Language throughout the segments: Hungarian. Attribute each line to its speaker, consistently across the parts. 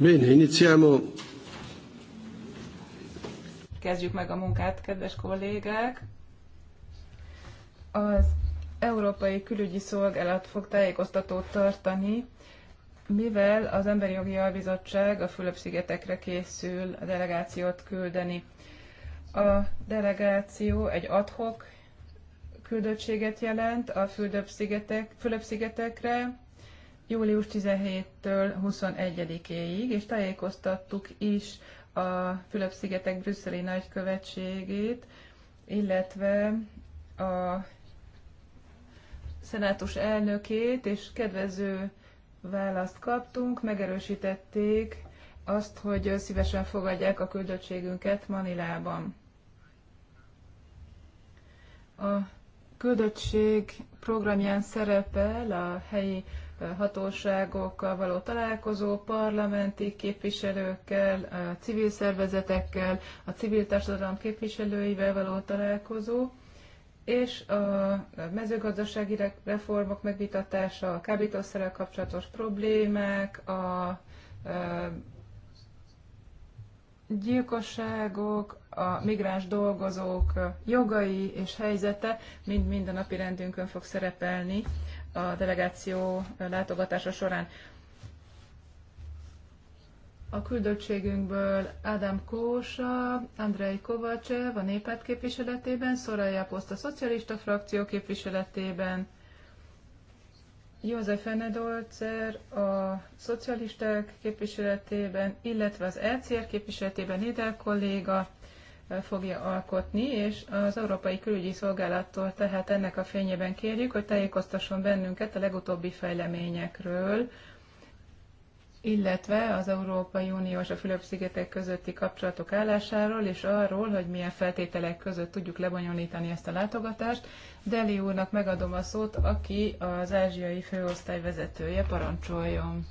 Speaker 1: Bene, iniziamo.
Speaker 2: Kezdjük meg a munkát, kedves kollégák. Az Európai Külügyi Szolgálat fog tájékoztatót tartani, mivel az Emberi Jogi Albizottság a Fülöp-szigetekre készül a delegációt küldeni. A delegáció egy adhok küldöttséget jelent a Fülöp-szigetek, Fülöp-szigetekre, július 17-től 21-éig, és tájékoztattuk is a Fülöp-szigetek brüsszeli nagykövetségét, illetve a szenátus elnökét, és kedvező választ kaptunk, megerősítették azt, hogy szívesen fogadják a küldöttségünket Manilában. A küldöttség programján szerepel a helyi hatóságokkal való találkozó, parlamenti képviselőkkel, civil szervezetekkel, a civil társadalom képviselőivel való találkozó, és a mezőgazdasági reformok megvitatása, a kábítószerrel kapcsolatos problémák, a gyilkosságok, a migráns dolgozók jogai és helyzete mind-mind a napi rendünkön fog szerepelni a delegáció látogatása során. A küldöttségünkből Ádám Kósa, Andrei Kovacsev a népát képviseletében, Szoraja Poszt a szocialista frakció képviseletében, József Enedolcer a szocialisták képviseletében, illetve az ECR képviseletében Nidel kolléga, fogja alkotni, és az Európai Külügyi Szolgálattól tehát ennek a fényében kérjük, hogy tájékoztasson bennünket a legutóbbi fejleményekről, illetve az Európai Unió és a Fülöp-szigetek közötti kapcsolatok állásáról, és arról, hogy milyen feltételek között tudjuk lebonyolítani ezt a látogatást. Deli úrnak megadom a szót, aki az ázsiai főosztály vezetője, parancsoljon.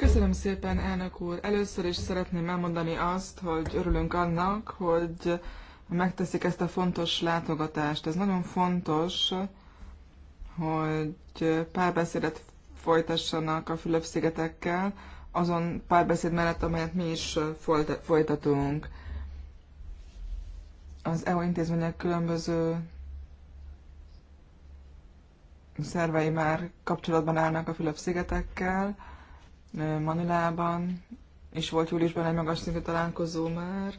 Speaker 3: Köszönöm szépen, elnök úr. Először is szeretném elmondani azt, hogy örülünk annak, hogy megteszik ezt a fontos látogatást. Ez nagyon fontos, hogy párbeszédet folytassanak a Fülöp-szigetekkel, azon párbeszéd mellett, amelyet mi is folytatunk. Az EU intézmények különböző szervei már kapcsolatban állnak a Fülöp-szigetekkel, Manilában, és volt júliusban egy magas szintű találkozó már,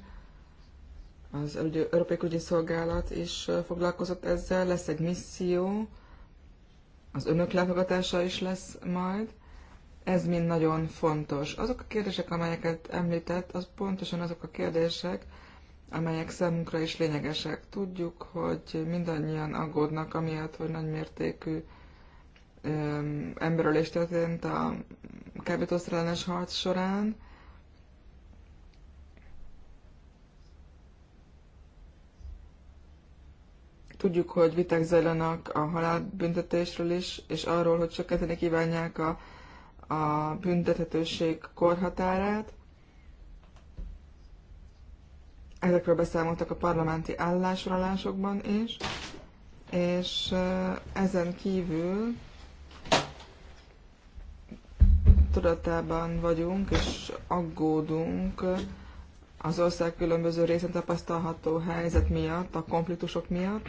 Speaker 3: az Európai Ügyi Szolgálat is foglalkozott ezzel, lesz egy misszió, az önök látogatása is lesz majd. Ez mind nagyon fontos. Azok a kérdések, amelyeket említett, az pontosan azok a kérdések, amelyek számunkra is lényegesek. Tudjuk, hogy mindannyian aggódnak, amiatt, hogy nagymértékű emberölés történt a ellenes harc során. Tudjuk, hogy viták zajlanak a halálbüntetésről is, és arról, hogy csökkenteni kívánják a, a büntethetőség korhatárát. Ezekről beszámoltak a parlamenti állásolásokban is, és ezen kívül tudatában vagyunk és aggódunk az ország különböző részén tapasztalható helyzet miatt, a konfliktusok miatt,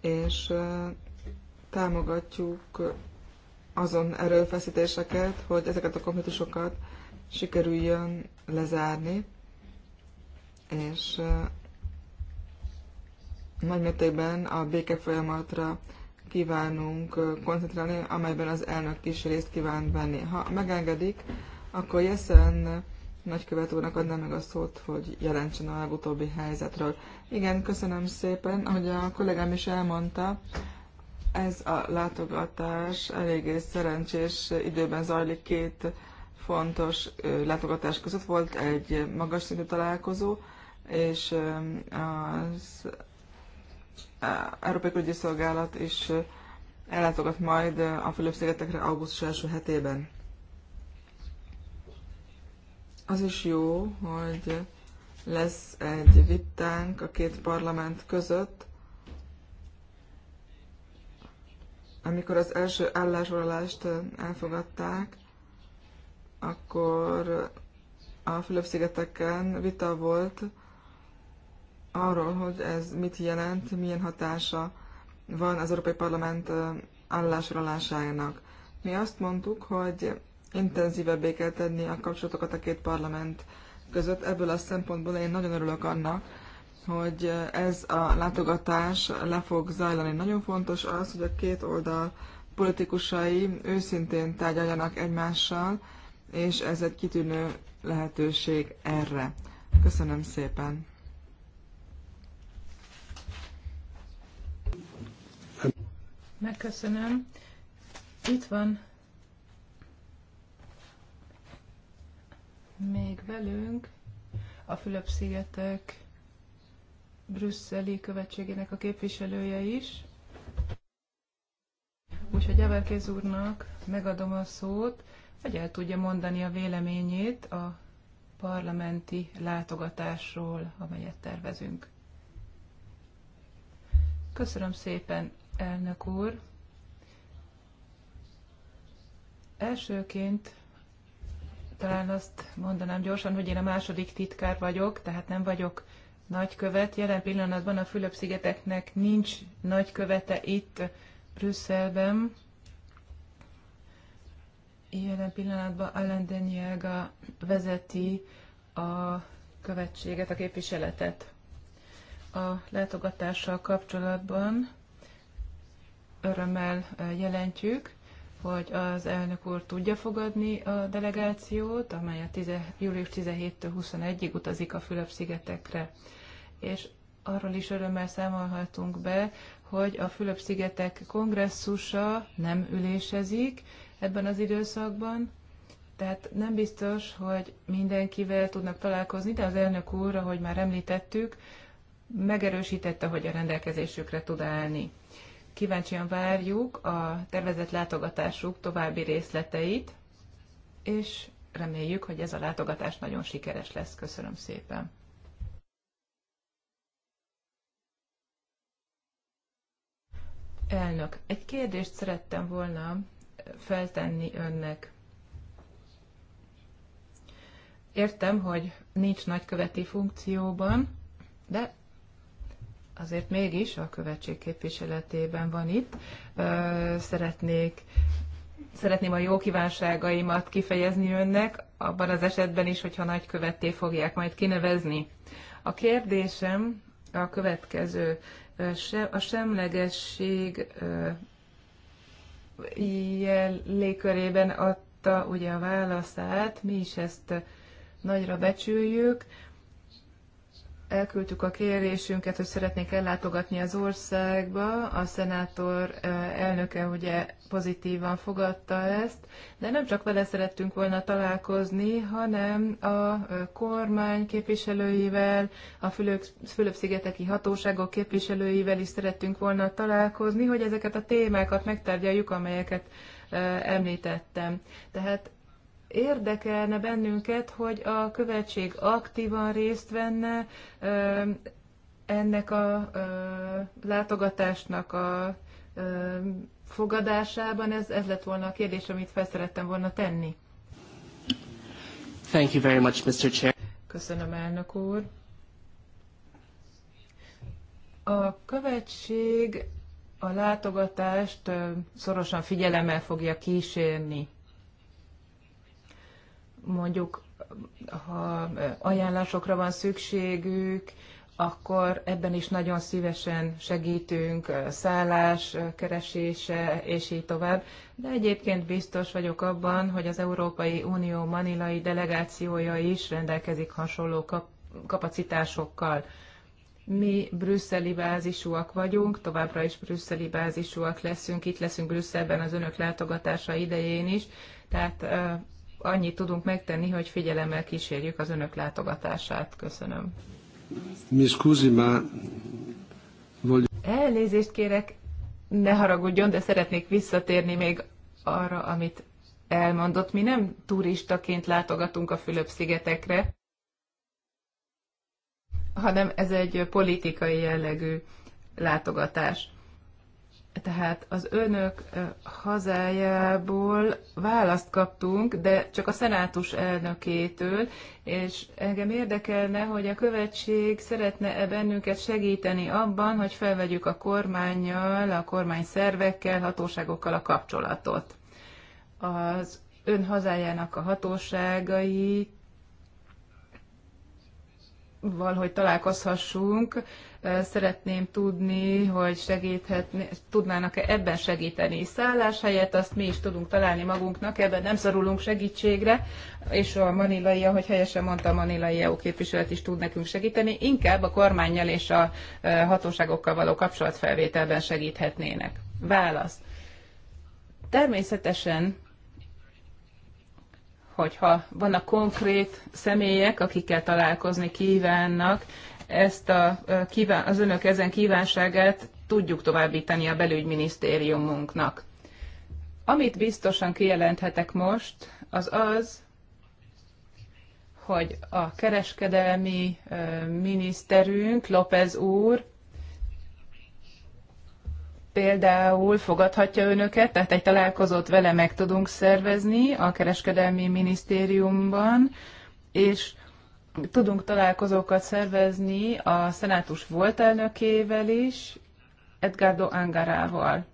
Speaker 3: és támogatjuk azon erőfeszítéseket, hogy ezeket a konfliktusokat sikerüljön lezárni, és nagy a béke folyamatra kívánunk koncentrálni, amelyben az elnök is részt kíván venni. Ha megengedik, akkor Jessen nagykövet úrnak adnám meg a szót, hogy jelentsen a legutóbbi helyzetről. Igen, köszönöm szépen. Ahogy a kollégám is elmondta, ez a látogatás eléggé szerencsés időben zajlik két fontos látogatás között. Volt egy magas szintű találkozó, és az Európai Külügyi Szolgálat is ellátogat majd a Fülöp-szigetekre augusztus első hetében. Az is jó, hogy lesz egy vitánk a két parlament között, amikor az első állásolást elfogadták, akkor a Fülöp-szigeteken vita volt arról, hogy ez mit jelent, milyen hatása van az Európai Parlament állásrólásának. Mi azt mondtuk, hogy intenzívebbé kell tenni a kapcsolatokat a két parlament között. Ebből a szempontból én nagyon örülök annak, hogy ez a látogatás le fog zajlani. Nagyon fontos az, hogy a két oldal politikusai őszintén tárgyaljanak egymással, és ez egy kitűnő lehetőség erre. Köszönöm szépen!
Speaker 2: Megköszönöm. Itt van még velünk a Fülöp-szigetek brüsszeli követségének a képviselője is. Úgyhogy Everkéz úrnak megadom a szót, hogy el tudja mondani a véleményét a parlamenti látogatásról, amelyet tervezünk. Köszönöm szépen, elnök úr. Elsőként talán azt mondanám gyorsan, hogy én a második titkár vagyok, tehát nem vagyok nagykövet. Jelen pillanatban a Fülöp-szigeteknek nincs nagykövete itt Brüsszelben. Jelen pillanatban Alain Denielga vezeti a követséget, a képviseletet. A látogatással kapcsolatban örömmel jelentjük, hogy az elnök úr tudja fogadni a delegációt, amely a 10, július 17-től 21-ig utazik a Fülöp-szigetekre. És arról is örömmel számolhatunk be, hogy a Fülöp-szigetek kongresszusa nem ülésezik ebben az időszakban, tehát nem biztos, hogy mindenkivel tudnak találkozni, de az elnök úr, ahogy már említettük, megerősítette, hogy a rendelkezésükre tud állni kíváncsian várjuk a tervezett látogatásuk további részleteit, és reméljük, hogy ez a látogatás nagyon sikeres lesz. Köszönöm szépen! Elnök, egy kérdést szerettem volna feltenni önnek. Értem, hogy nincs nagyköveti funkcióban, de azért mégis a követség képviseletében van itt. Szeretnék szeretném a jó kívánságaimat kifejezni önnek, abban az esetben is, hogyha nagykövetté fogják majd kinevezni. A kérdésem a következő. A semlegesség jel adta ugye a válaszát, mi is ezt nagyra becsüljük, elküldtük a kérésünket, hogy szeretnénk ellátogatni az országba. A szenátor elnöke ugye pozitívan fogadta ezt, de nem csak vele szerettünk volna találkozni, hanem a kormány képviselőivel, a Fülöp-szigeteki hatóságok képviselőivel is szerettünk volna találkozni, hogy ezeket a témákat megtárgyaljuk, amelyeket említettem. Tehát érdekelne bennünket, hogy a követség aktívan részt venne ennek a látogatásnak a fogadásában. Ez, ez lett volna a kérdés, amit felszerettem volna tenni.
Speaker 1: Thank you very much, Mr. Chair.
Speaker 2: Köszönöm, elnök úr. A követség a látogatást szorosan figyelemmel fogja kísérni mondjuk ha ajánlásokra van szükségük, akkor ebben is nagyon szívesen segítünk, szállás keresése, és így tovább. De egyébként biztos vagyok abban, hogy az Európai Unió manilai delegációja is rendelkezik hasonló kap- kapacitásokkal. Mi brüsszeli bázisúak vagyunk, továbbra is brüsszeli bázisúak leszünk, itt leszünk Brüsszelben az önök látogatása idején is, tehát annyit tudunk megtenni, hogy figyelemmel kísérjük az önök látogatását. Köszönöm.
Speaker 1: Mi scusi, ma...
Speaker 2: Elnézést kérek, ne haragudjon, de szeretnék visszatérni még arra, amit elmondott. Mi nem turistaként látogatunk a Fülöp-szigetekre, hanem ez egy politikai jellegű látogatás. Tehát az önök hazájából választ kaptunk, de csak a szenátus elnökétől, és engem érdekelne, hogy a követség szeretne-e bennünket segíteni abban, hogy felvegyük a kormányjal, a kormány szervekkel, hatóságokkal a kapcsolatot. Az ön hazájának a hatóságait valahogy találkozhassunk. Szeretném tudni, hogy segíthetni, tudnának-e ebben segíteni. Szálláshelyet azt mi is tudunk találni magunknak, ebben nem szorulunk segítségre, és a manilai, ahogy helyesen mondta, a manilai EU képviselet is tud nekünk segíteni, inkább a kormányjal és a hatóságokkal való kapcsolatfelvételben segíthetnének. Válasz. Természetesen hogyha vannak konkrét személyek, akikkel találkozni kívánnak, ezt a, kíván, az önök ezen kívánságát tudjuk továbbítani a belügyminisztériumunknak. Amit biztosan kijelenthetek most, az az, hogy a kereskedelmi miniszterünk, López úr, például fogadhatja önöket, tehát egy találkozót vele meg tudunk szervezni a kereskedelmi minisztériumban, és tudunk találkozókat szervezni a szenátus volt elnökével is, Edgardo Angarával.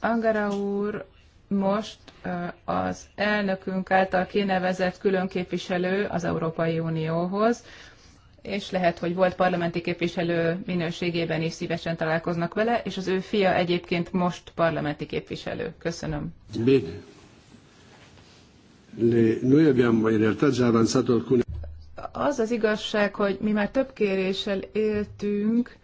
Speaker 2: Angara úr most az elnökünk által kinevezett különképviselő az Európai Unióhoz, és lehet, hogy volt parlamenti képviselő minőségében is szívesen találkoznak vele, és az ő fia egyébként most parlamenti képviselő. Köszönöm.
Speaker 4: noi abbiamo in realtà già avanzato
Speaker 1: alcune...
Speaker 2: Az az igazság, hogy mi már több kéréssel éltünk,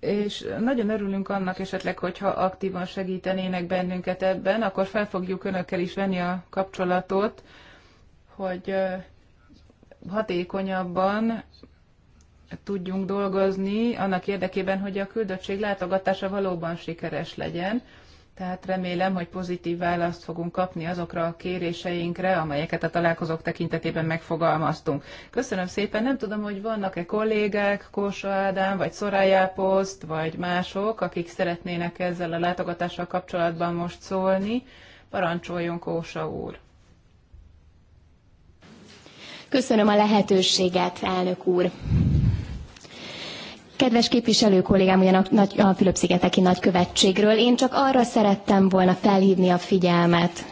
Speaker 2: és nagyon örülünk annak esetleg, hogyha aktívan segítenének bennünket ebben, akkor fel fogjuk önökkel is venni a kapcsolatot, hogy hatékonyabban tudjunk dolgozni annak érdekében, hogy a küldöttség látogatása valóban sikeres legyen. Tehát remélem, hogy pozitív választ fogunk kapni azokra a kéréseinkre, amelyeket a találkozók tekintetében megfogalmaztunk. Köszönöm szépen, nem tudom, hogy vannak-e kollégák, Kósa Ádám, vagy Szorájá Poszt, vagy mások, akik szeretnének ezzel a látogatással kapcsolatban most szólni. Parancsoljon Kósa úr!
Speaker 5: Köszönöm a lehetőséget, elnök úr. Kedves képviselő kollégám, ugyan a, nagy, a Fülöp-szigeteki nagykövetségről, én csak arra szerettem volna felhívni a figyelmet,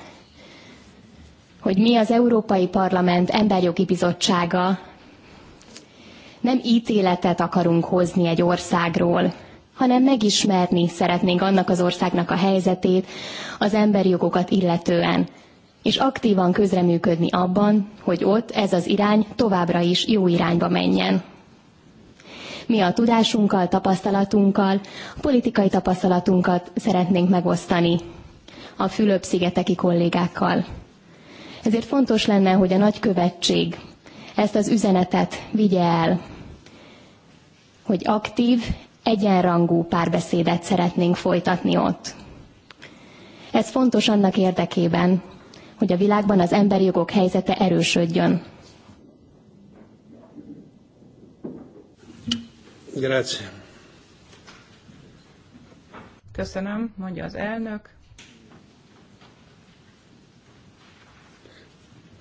Speaker 5: hogy mi az Európai Parlament Emberjogi Bizottsága nem ítéletet akarunk hozni egy országról, hanem megismerni szeretnénk annak az országnak a helyzetét az emberi jogokat illetően és aktívan közreműködni abban, hogy ott ez az irány továbbra is jó irányba menjen. Mi a tudásunkkal, tapasztalatunkkal, politikai tapasztalatunkat szeretnénk megosztani a Fülöp-szigeteki kollégákkal. Ezért fontos lenne, hogy a nagykövetség ezt az üzenetet vigye el, hogy aktív, egyenrangú párbeszédet szeretnénk folytatni ott. Ez fontos annak érdekében, hogy a világban az emberi jogok helyzete erősödjön.
Speaker 1: Grazie.
Speaker 2: Köszönöm, mondja az elnök.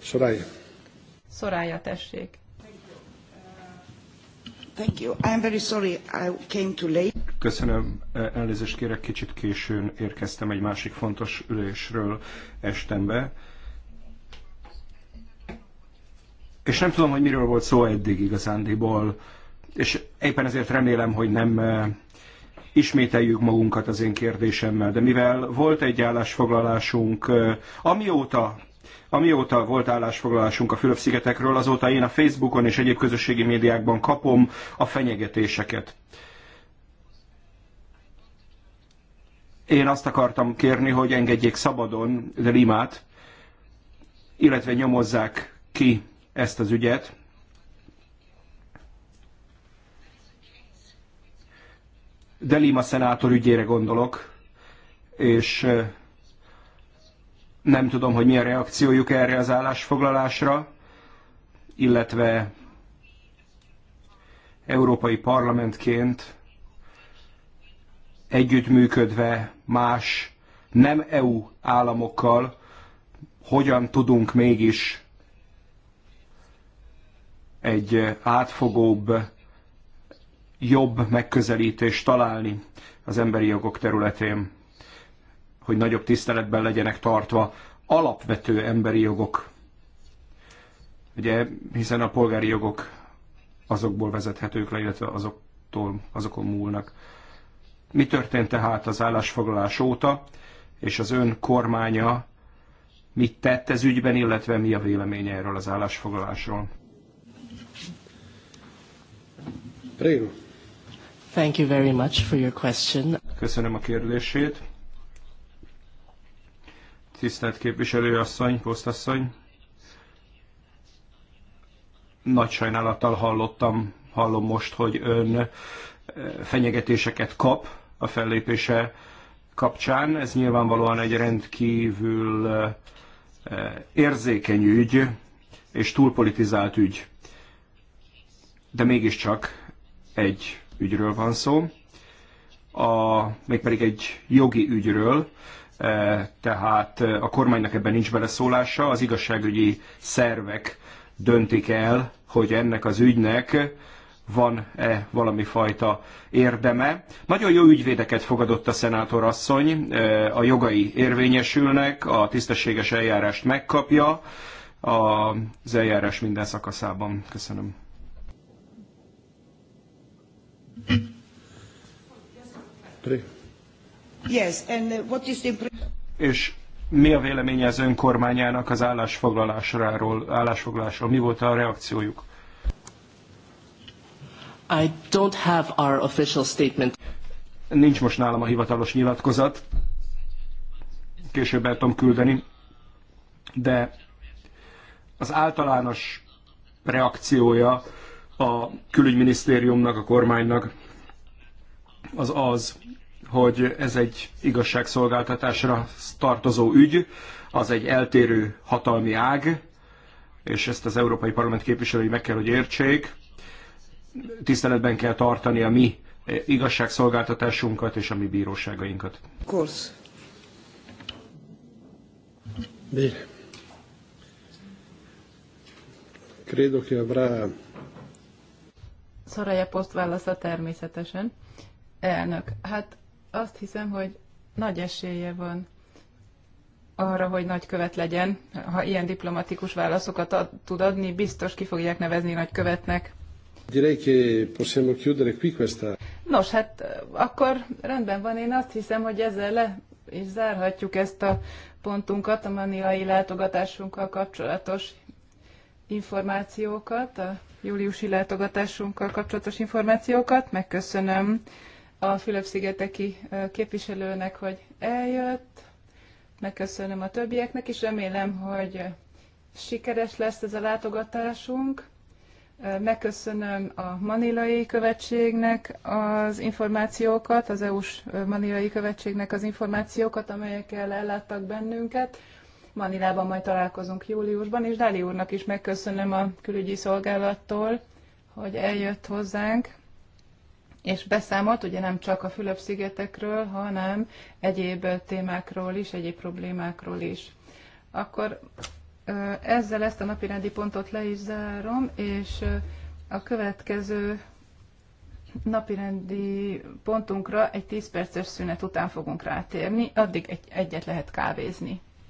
Speaker 2: Soraya. Soraya, tessék.
Speaker 1: Thank you. I'm very sorry I came too late. Köszönöm, e, elnézést kérek, kicsit későn érkeztem egy másik fontos ülésről estembe. És nem tudom, hogy miről volt szó eddig igazándiból, és éppen ezért remélem, hogy nem eh, ismételjük magunkat az én kérdésemmel, de mivel volt egy állásfoglalásunk, eh, amióta Amióta volt állásfoglalásunk a Fülöp-szigetekről, azóta én a Facebookon és egyéb közösségi médiákban kapom a fenyegetéseket. Én azt akartam kérni, hogy engedjék szabadon Limát, illetve nyomozzák ki ezt az ügyet. De Lima szenátor ügyére gondolok, és nem tudom, hogy mi a reakciójuk erre az állásfoglalásra, illetve Európai Parlamentként együttműködve más nem EU államokkal hogyan tudunk mégis egy átfogóbb, jobb megközelítést találni az emberi jogok területén, hogy nagyobb tiszteletben legyenek tartva alapvető emberi jogok. Ugye, hiszen a polgári jogok azokból vezethetők le, illetve azoktól, azokon múlnak. Mi történt tehát az állásfoglalás óta, és az ön kormánya mit tett ez ügyben, illetve mi a véleménye erről az állásfoglalásról? Prego. Thank you very much for your question. Köszönöm a kérdését. Tisztelt képviselőasszony, posztasszony. Nagy sajnálattal hallottam, hallom most, hogy ön eh, fenyegetéseket kap a fellépése kapcsán. Ez nyilvánvalóan egy rendkívül eh, érzékeny ügy és túlpolitizált ügy de mégiscsak egy ügyről van szó, a, mégpedig egy jogi ügyről, e, tehát e, a kormánynak ebben nincs beleszólása, az igazságügyi szervek döntik el, hogy ennek az ügynek van-e valami fajta érdeme. Nagyon jó ügyvédeket fogadott a szenátor asszony, e, a jogai érvényesülnek, a tisztességes eljárást megkapja az eljárás minden szakaszában. Köszönöm.
Speaker 2: Yes, and uh, what is the...
Speaker 1: És mi a véleménye az önkormányának az állásfoglalásról, állásfoglalásról? Mi volt a reakciójuk? I don't have our official statement. Nincs most nálam a hivatalos nyilatkozat. Később el tudom küldeni. De az általános reakciója a külügyminisztériumnak, a kormánynak, az az, hogy ez egy igazságszolgáltatásra tartozó ügy, az egy eltérő hatalmi ág, és ezt az Európai Parlament képviselői meg kell, hogy értsék. Tiszteletben kell tartani a mi igazságszolgáltatásunkat és a mi bíróságainkat. Korsz. Bene. Credo che avrà
Speaker 2: Szaraja Poszt válasza természetesen. Elnök, hát azt hiszem, hogy nagy esélye van arra, hogy nagy követ legyen. Ha ilyen diplomatikus válaszokat ad, tud adni, biztos ki fogják nevezni nagy követnek. Nos, hát eh, akkor rendben van, én azt hiszem, hogy ezzel le és zárhatjuk ezt a pontunkat, a manilai látogatásunkkal kapcsolatos információkat júliusi látogatásunkkal kapcsolatos információkat. Megköszönöm a Fülöp-szigeteki képviselőnek, hogy eljött. Megköszönöm a többieknek is. Remélem, hogy sikeres lesz ez a látogatásunk. Megköszönöm a manilai követségnek az információkat, az EU-s manilai követségnek az információkat, amelyekkel elláttak bennünket. Manilában majd találkozunk júliusban, és Dali úrnak is megköszönöm a külügyi szolgálattól, hogy eljött hozzánk, és beszámolt ugye nem csak a Fülöp-szigetekről, hanem egyéb témákról is, egyéb problémákról is. Akkor ezzel ezt a napirendi pontot le is zárom, és a következő napirendi pontunkra egy 10 perces szünet után fogunk rátérni, addig egy, egyet lehet kávézni.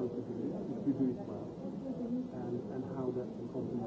Speaker 4: process of the, the Google and, and how that can contribute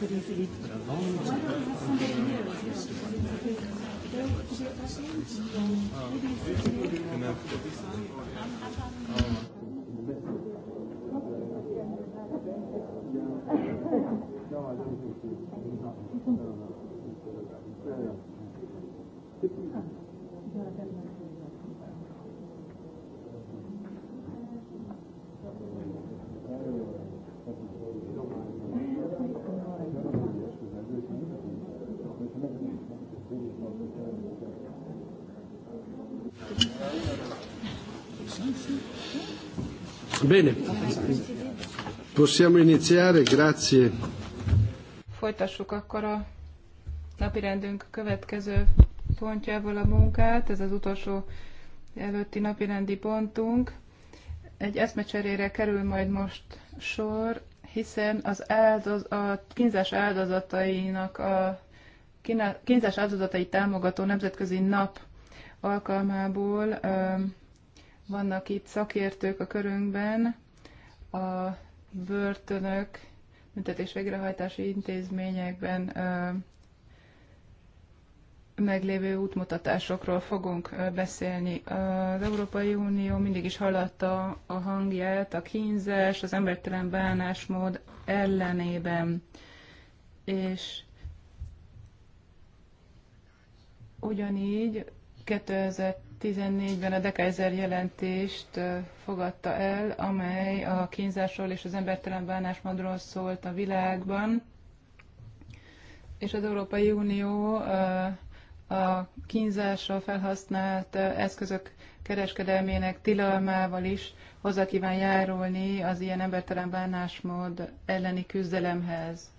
Speaker 4: could easily Bene, possiamo iniziare, grazie.
Speaker 2: Folytassuk akkor a napirendünk következő pontjával a munkát, ez az utolsó előtti napirendi pontunk. Egy eszmecserére kerül majd most sor, hiszen az áldoz, a kínzás áldozatainak a kínzás áldozatai támogató nemzetközi nap alkalmából um, vannak itt szakértők a körünkben, a börtönök, büntetés végrehajtási intézményekben meglévő útmutatásokról fogunk beszélni. Az Európai Unió mindig is hallatta a hangját a kínzás, az embertelen bánásmód ellenében, és ugyanígy 2000 2014-ben a Dekaiser jelentést fogadta el, amely a kínzásról és az embertelen bánásmódról szólt a világban, és az Európai Unió a kínzásra felhasznált eszközök kereskedelmének tilalmával is hozzá kíván járulni az ilyen embertelen bánásmód elleni küzdelemhez.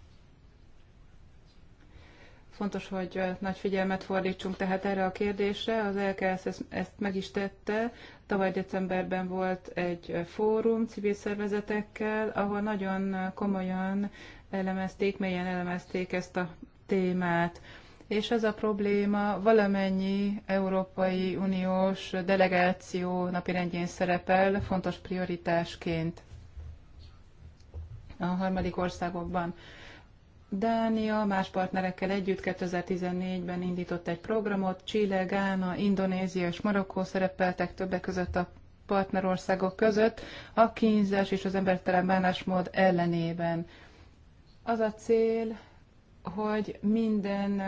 Speaker 2: Fontos, hogy nagy figyelmet fordítsunk tehát erre a kérdésre. Az LKS ezt meg is tette. Tavaly decemberben volt egy fórum civil szervezetekkel, ahol nagyon komolyan elemezték, mélyen elemezték ezt a témát. És ez a probléma valamennyi Európai Uniós delegáció napirendjén szerepel fontos prioritásként a harmadik országokban. Dánia más partnerekkel együtt 2014-ben indított egy programot, Chile, Gána, Indonézia és Marokkó szerepeltek többek között a partnerországok között a kínzás és az embertelen bánásmód ellenében. Az a cél, hogy minden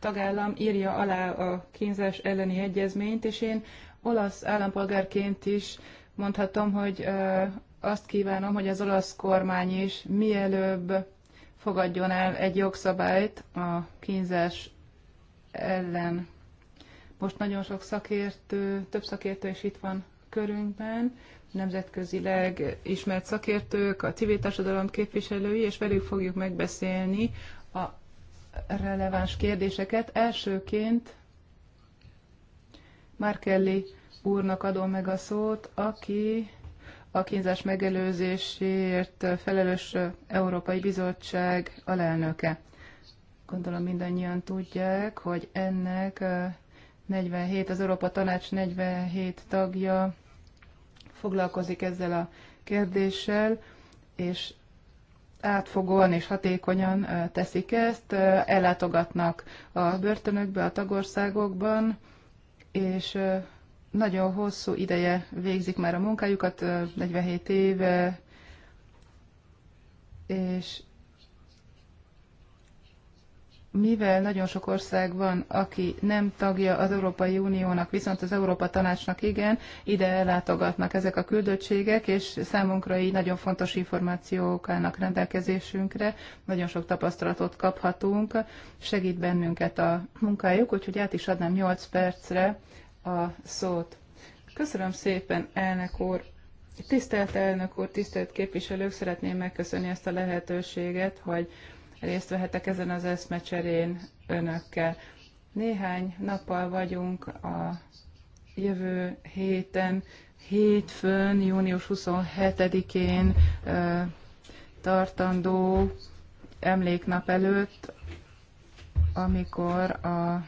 Speaker 2: tagállam írja alá a kínzás elleni egyezményt, és én olasz állampolgárként is mondhatom, hogy azt kívánom, hogy az olasz kormány is mielőbb fogadjon el egy jogszabályt a kínzás ellen. Most nagyon sok szakértő, több szakértő is itt van körünkben, nemzetközileg ismert szakértők, a civil társadalom képviselői, és velük fogjuk megbeszélni a releváns kérdéseket. Elsőként Márkelli úrnak adom meg a szót, aki a kínzás megelőzésért felelős Európai Bizottság alelnöke. Gondolom mindannyian tudják, hogy ennek 47, az Európa Tanács 47 tagja foglalkozik ezzel a kérdéssel, és átfogóan és hatékonyan teszik ezt, ellátogatnak a börtönökbe, a tagországokban, és nagyon hosszú ideje végzik már a munkájukat, 47 éve, és mivel nagyon sok ország van, aki nem tagja az Európai Uniónak, viszont az Európa Tanácsnak igen, ide ellátogatnak ezek a küldöttségek, és számunkra így nagyon fontos információk állnak rendelkezésünkre, nagyon sok tapasztalatot kaphatunk, segít bennünket a munkájuk, úgyhogy át is adnám 8 percre a szót. Köszönöm szépen, elnök úr! Tisztelt elnök úr, tisztelt képviselők, szeretném megköszönni ezt a lehetőséget, hogy részt vehetek ezen az eszmecserén önökkel. Néhány nappal vagyunk a jövő héten, hétfőn, június 27-én tartandó emléknap előtt, amikor a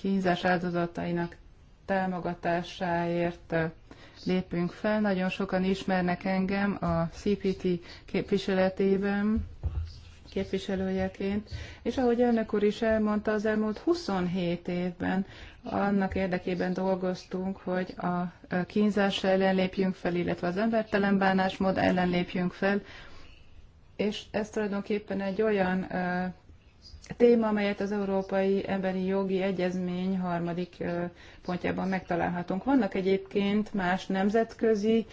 Speaker 2: kínzás áldozatainak támogatásáért lépünk fel. Nagyon sokan ismernek engem a CPT képviseletében, képviselőjeként, és ahogy önök úr is elmondta, az elmúlt 27 évben annak érdekében dolgoztunk, hogy a kínzás ellen lépjünk fel, illetve az embertelen bánásmód ellen lépjünk fel, és ez tulajdonképpen egy olyan téma, amelyet az Európai Emberi Jogi Egyezmény harmadik pontjában megtalálhatunk. Vannak egyébként más nemzetközi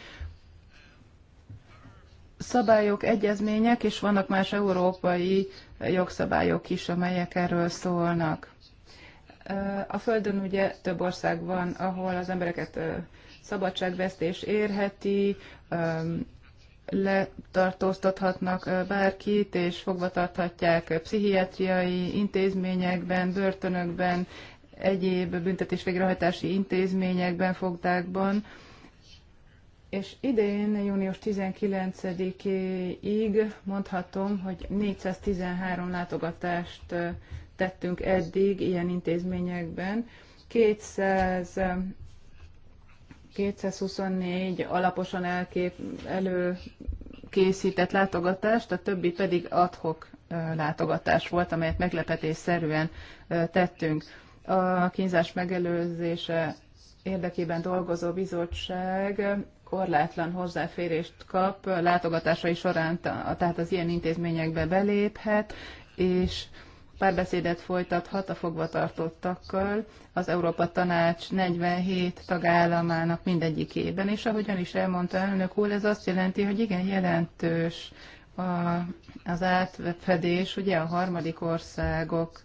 Speaker 2: szabályok, egyezmények, és vannak más európai jogszabályok is, amelyek erről szólnak. A Földön ugye több ország van, ahol az embereket szabadságvesztés érheti, letartóztathatnak bárkit, és fogva tarthatják pszichiátriai intézményekben, börtönökben, egyéb büntetés végrehajtási intézményekben, fogdákban. És idén, június 19-ig mondhatom, hogy 413 látogatást tettünk eddig ilyen intézményekben. 200 224 alaposan elkép, előkészített látogatást, a többi pedig adhok látogatás volt, amelyet meglepetésszerűen tettünk. A kínzás megelőzése érdekében dolgozó bizottság korlátlan hozzáférést kap látogatásai során, tehát az ilyen intézményekbe beléphet, és párbeszédet folytathat a fogvatartottakkal az Európa Tanács 47 tagállamának mindegyikében, és ahogyan is elmondta elnök úr, ez azt jelenti, hogy igen jelentős a, az átfedés ugye a harmadik országok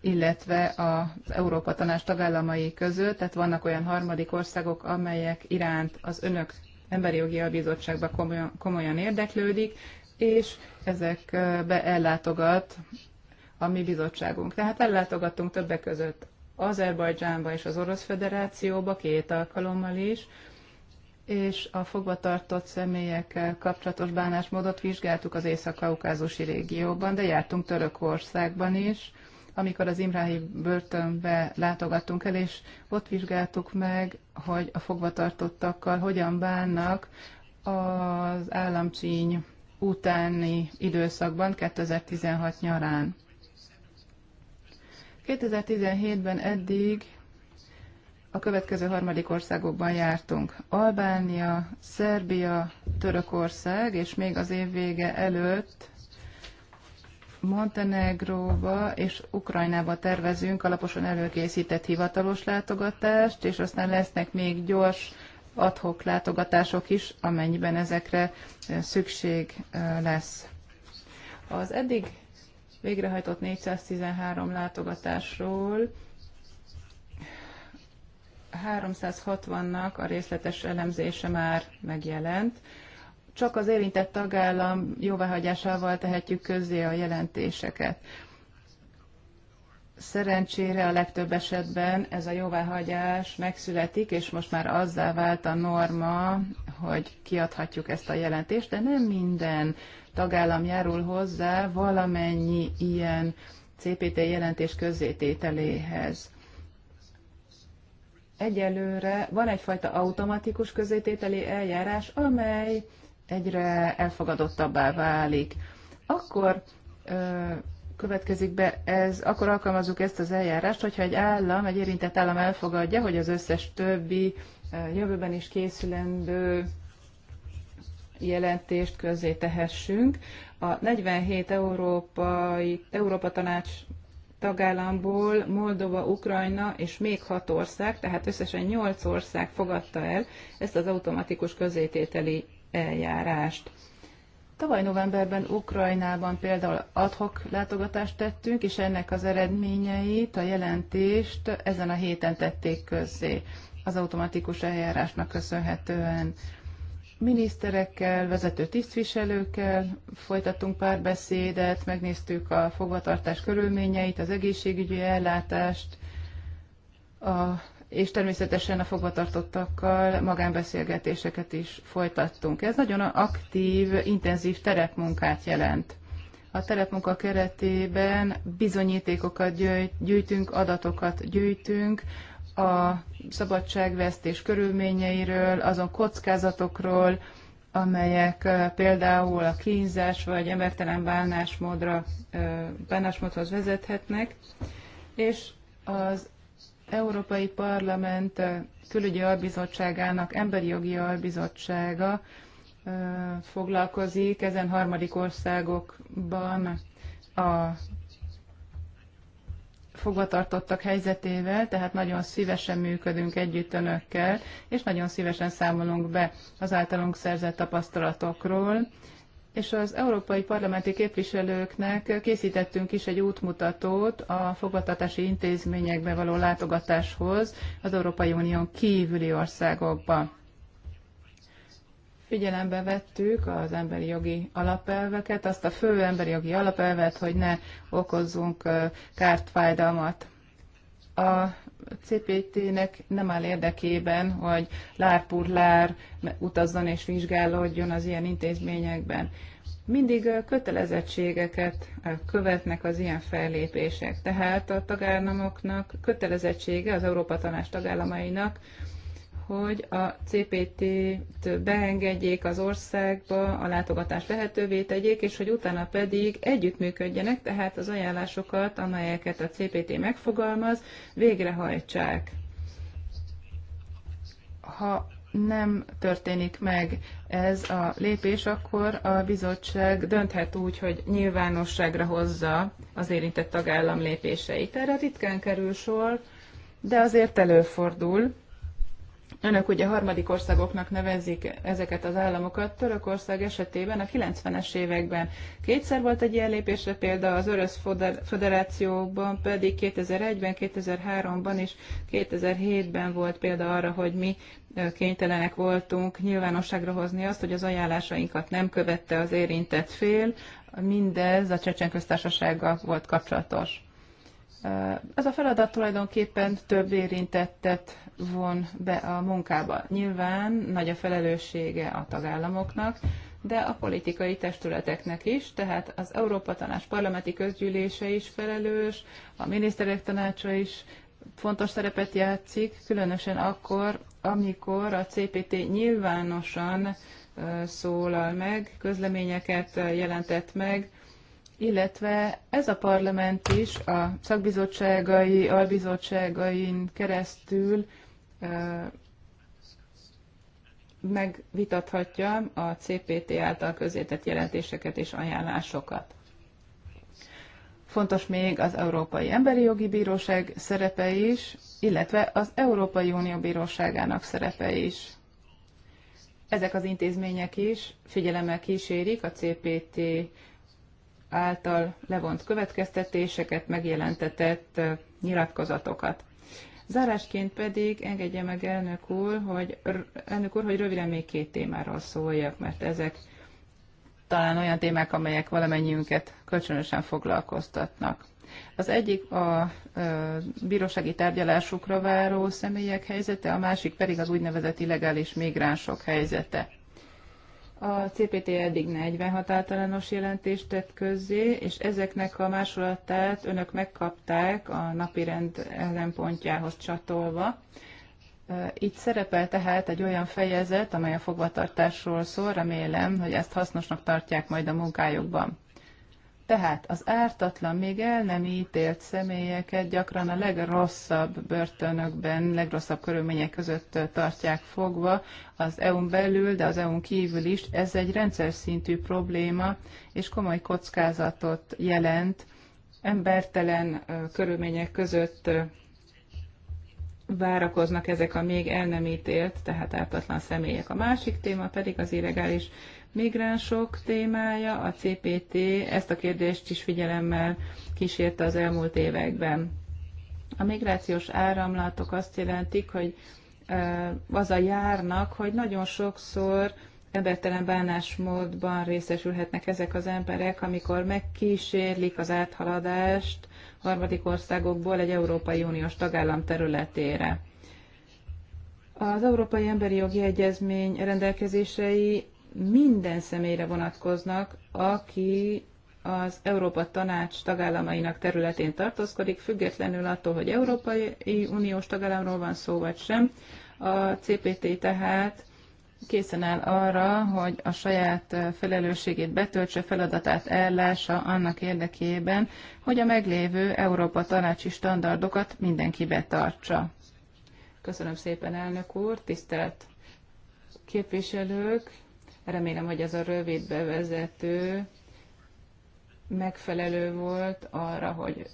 Speaker 2: illetve az Európa Tanács tagállamai között, tehát vannak olyan harmadik országok, amelyek iránt az önök emberi jogi albizottságban komolyan, komolyan érdeklődik, és ezekbe ellátogat a mi bizottságunk. Tehát ellátogattunk többek között Azerbajdzsánba és az Orosz Föderációba két alkalommal is, és a fogvatartott személyekkel kapcsolatos bánásmódot vizsgáltuk az észak-kaukázusi régióban, de jártunk Törökországban is, amikor az Imráhi börtönbe látogattunk el, és ott vizsgáltuk meg, hogy a fogvatartottakkal hogyan bánnak az államcsíny utáni időszakban, 2016 nyarán. 2017-ben eddig a következő harmadik országokban jártunk. Albánia, Szerbia, Törökország, és még az év vége előtt Montenegróba és Ukrajnába tervezünk alaposan előkészített hivatalos látogatást, és aztán lesznek még gyors adhok látogatások is, amennyiben ezekre szükség eh, lesz. Az eddig végrehajtott 413 látogatásról 360-nak a részletes elemzése már megjelent. Csak az érintett tagállam jóváhagyásával tehetjük közzé a jelentéseket. Szerencsére a legtöbb esetben ez a jóváhagyás megszületik, és most már azzá vált a norma, hogy kiadhatjuk ezt a jelentést, de nem minden tagállam járul hozzá valamennyi ilyen CPT jelentés közzétételéhez. Egyelőre van egyfajta automatikus közzétételi eljárás, amely egyre elfogadottabbá válik. Akkor ö, következik be ez, akkor alkalmazzuk ezt az eljárást, hogyha egy állam, egy érintett állam elfogadja, hogy az összes többi jövőben is készülendő jelentést közzé tehessünk. A 47 európai, Európa Tanács tagállamból Moldova, Ukrajna és még hat ország, tehát összesen nyolc ország fogadta el ezt az automatikus közétételi eljárást. Tavaly novemberben Ukrajnában például adhok látogatást tettünk, és ennek az eredményeit, a jelentést ezen a héten tették közzé az automatikus eljárásnak köszönhetően miniszterekkel, vezető tisztviselőkkel folytattunk pár beszédet, megnéztük a fogvatartás körülményeit, az egészségügyi ellátást, a, és természetesen a fogvatartottakkal magánbeszélgetéseket is folytattunk. Ez nagyon aktív, intenzív terepmunkát jelent. A terepmunka keretében bizonyítékokat gyűjtünk, adatokat gyűjtünk, a szabadságvesztés körülményeiről, azon kockázatokról, amelyek például a kínzás vagy embertelen bánásmódra, bánásmódhoz vezethetnek, és az Európai Parlament külügyi albizottságának emberi jogi albizottsága foglalkozik ezen harmadik országokban a fogvatartottak helyzetével, tehát nagyon szívesen működünk együtt önökkel, és nagyon szívesen számolunk be az általunk szerzett tapasztalatokról. És az európai parlamenti képviselőknek készítettünk is egy útmutatót a fogvatartási intézményekbe való látogatáshoz az Európai Unión kívüli országokba figyelembe vettük az emberi jogi alapelveket, azt a fő emberi jogi alapelvet, hogy ne okozzunk kárt, fájdalmat. A CPT-nek nem áll érdekében, hogy lárpúr lár utazzon és vizsgálódjon az ilyen intézményekben. Mindig kötelezettségeket követnek az ilyen fellépések. Tehát a tagállamoknak kötelezettsége, az Európa Tanács tagállamainak, hogy a CPT-t beengedjék az országba, a látogatást lehetővé tegyék, és hogy utána pedig együttműködjenek, tehát az ajánlásokat, amelyeket a CPT megfogalmaz, végrehajtsák. Ha nem történik meg ez a lépés, akkor a bizottság dönthet úgy, hogy nyilvánosságra hozza az érintett tagállam lépéseit. Erre ritkán kerül sor, de azért előfordul Önök ugye harmadik országoknak nevezik ezeket az államokat. Törökország esetében a 90-es években kétszer volt egy ilyen lépésre, példa az Orosz Föderációban pedig 2001-ben, 2003-ban és 2007-ben volt példa arra, hogy mi kénytelenek voltunk nyilvánosságra hozni azt, hogy az ajánlásainkat nem követte az érintett fél. Mindez a Csecsen köztársasággal volt kapcsolatos. Ez a feladat tulajdonképpen több érintettet von be a munkába. Nyilván nagy a felelőssége a tagállamoknak, de a politikai testületeknek is, tehát az Európa Tanács parlamenti közgyűlése is felelős, a miniszterek tanácsa is fontos szerepet játszik, különösen akkor, amikor a CPT nyilvánosan szólal meg, közleményeket jelentett meg, illetve ez a parlament is a szakbizottságai, albizottságain keresztül megvitathatja a CPT által közétett jelentéseket és ajánlásokat. Fontos még az Európai Emberi Jogi Bíróság szerepe is, illetve az Európai Unió Bíróságának szerepe is. Ezek az intézmények is figyelemmel kísérik a CPT által levont következtetéseket, megjelentetett nyilatkozatokat. Zárásként pedig engedje meg elnök úr, hogy, elnök úr, hogy röviden még két témáról szóljak, mert ezek talán olyan témák, amelyek valamennyiünket kölcsönösen foglalkoztatnak. Az egyik a bírósági tárgyalásukra váró személyek helyzete, a másik pedig az úgynevezett illegális migránsok helyzete. A CPT eddig 46 általános jelentést tett közzé, és ezeknek a másolatát önök megkapták a napirend ellenpontjához csatolva. Itt szerepel tehát egy olyan fejezet, amely a fogvatartásról szól, remélem, hogy ezt hasznosnak tartják majd a munkájukban. Tehát az ártatlan, még el nem ítélt személyeket gyakran a legrosszabb börtönökben, legrosszabb körülmények között tartják fogva az EU-n belül, de az EU-n kívül is. Ez egy rendszer szintű probléma, és komoly kockázatot jelent embertelen körülmények között várakoznak ezek a még el nem ítélt, tehát ártatlan személyek. A másik téma pedig az illegális migránsok témája, a CPT ezt a kérdést is figyelemmel kísérte az elmúlt években. A migrációs áramlatok azt jelentik, hogy az a járnak, hogy nagyon sokszor embertelen bánásmódban részesülhetnek ezek az emberek, amikor megkísérlik az áthaladást harmadik országokból egy Európai Uniós tagállam területére. Az Európai Emberi Jogi Egyezmény rendelkezései minden személyre vonatkoznak, aki az Európa Tanács tagállamainak területén tartózkodik, függetlenül attól, hogy Európai Uniós tagállamról van szó vagy sem. A CPT tehát készen áll arra, hogy a saját felelősségét betöltse, feladatát ellássa annak érdekében, hogy a meglévő Európa tanácsi standardokat mindenki betartsa. Köszönöm szépen, elnök úr, tisztelt képviselők! Remélem, hogy ez a rövid bevezető megfelelő volt arra, hogy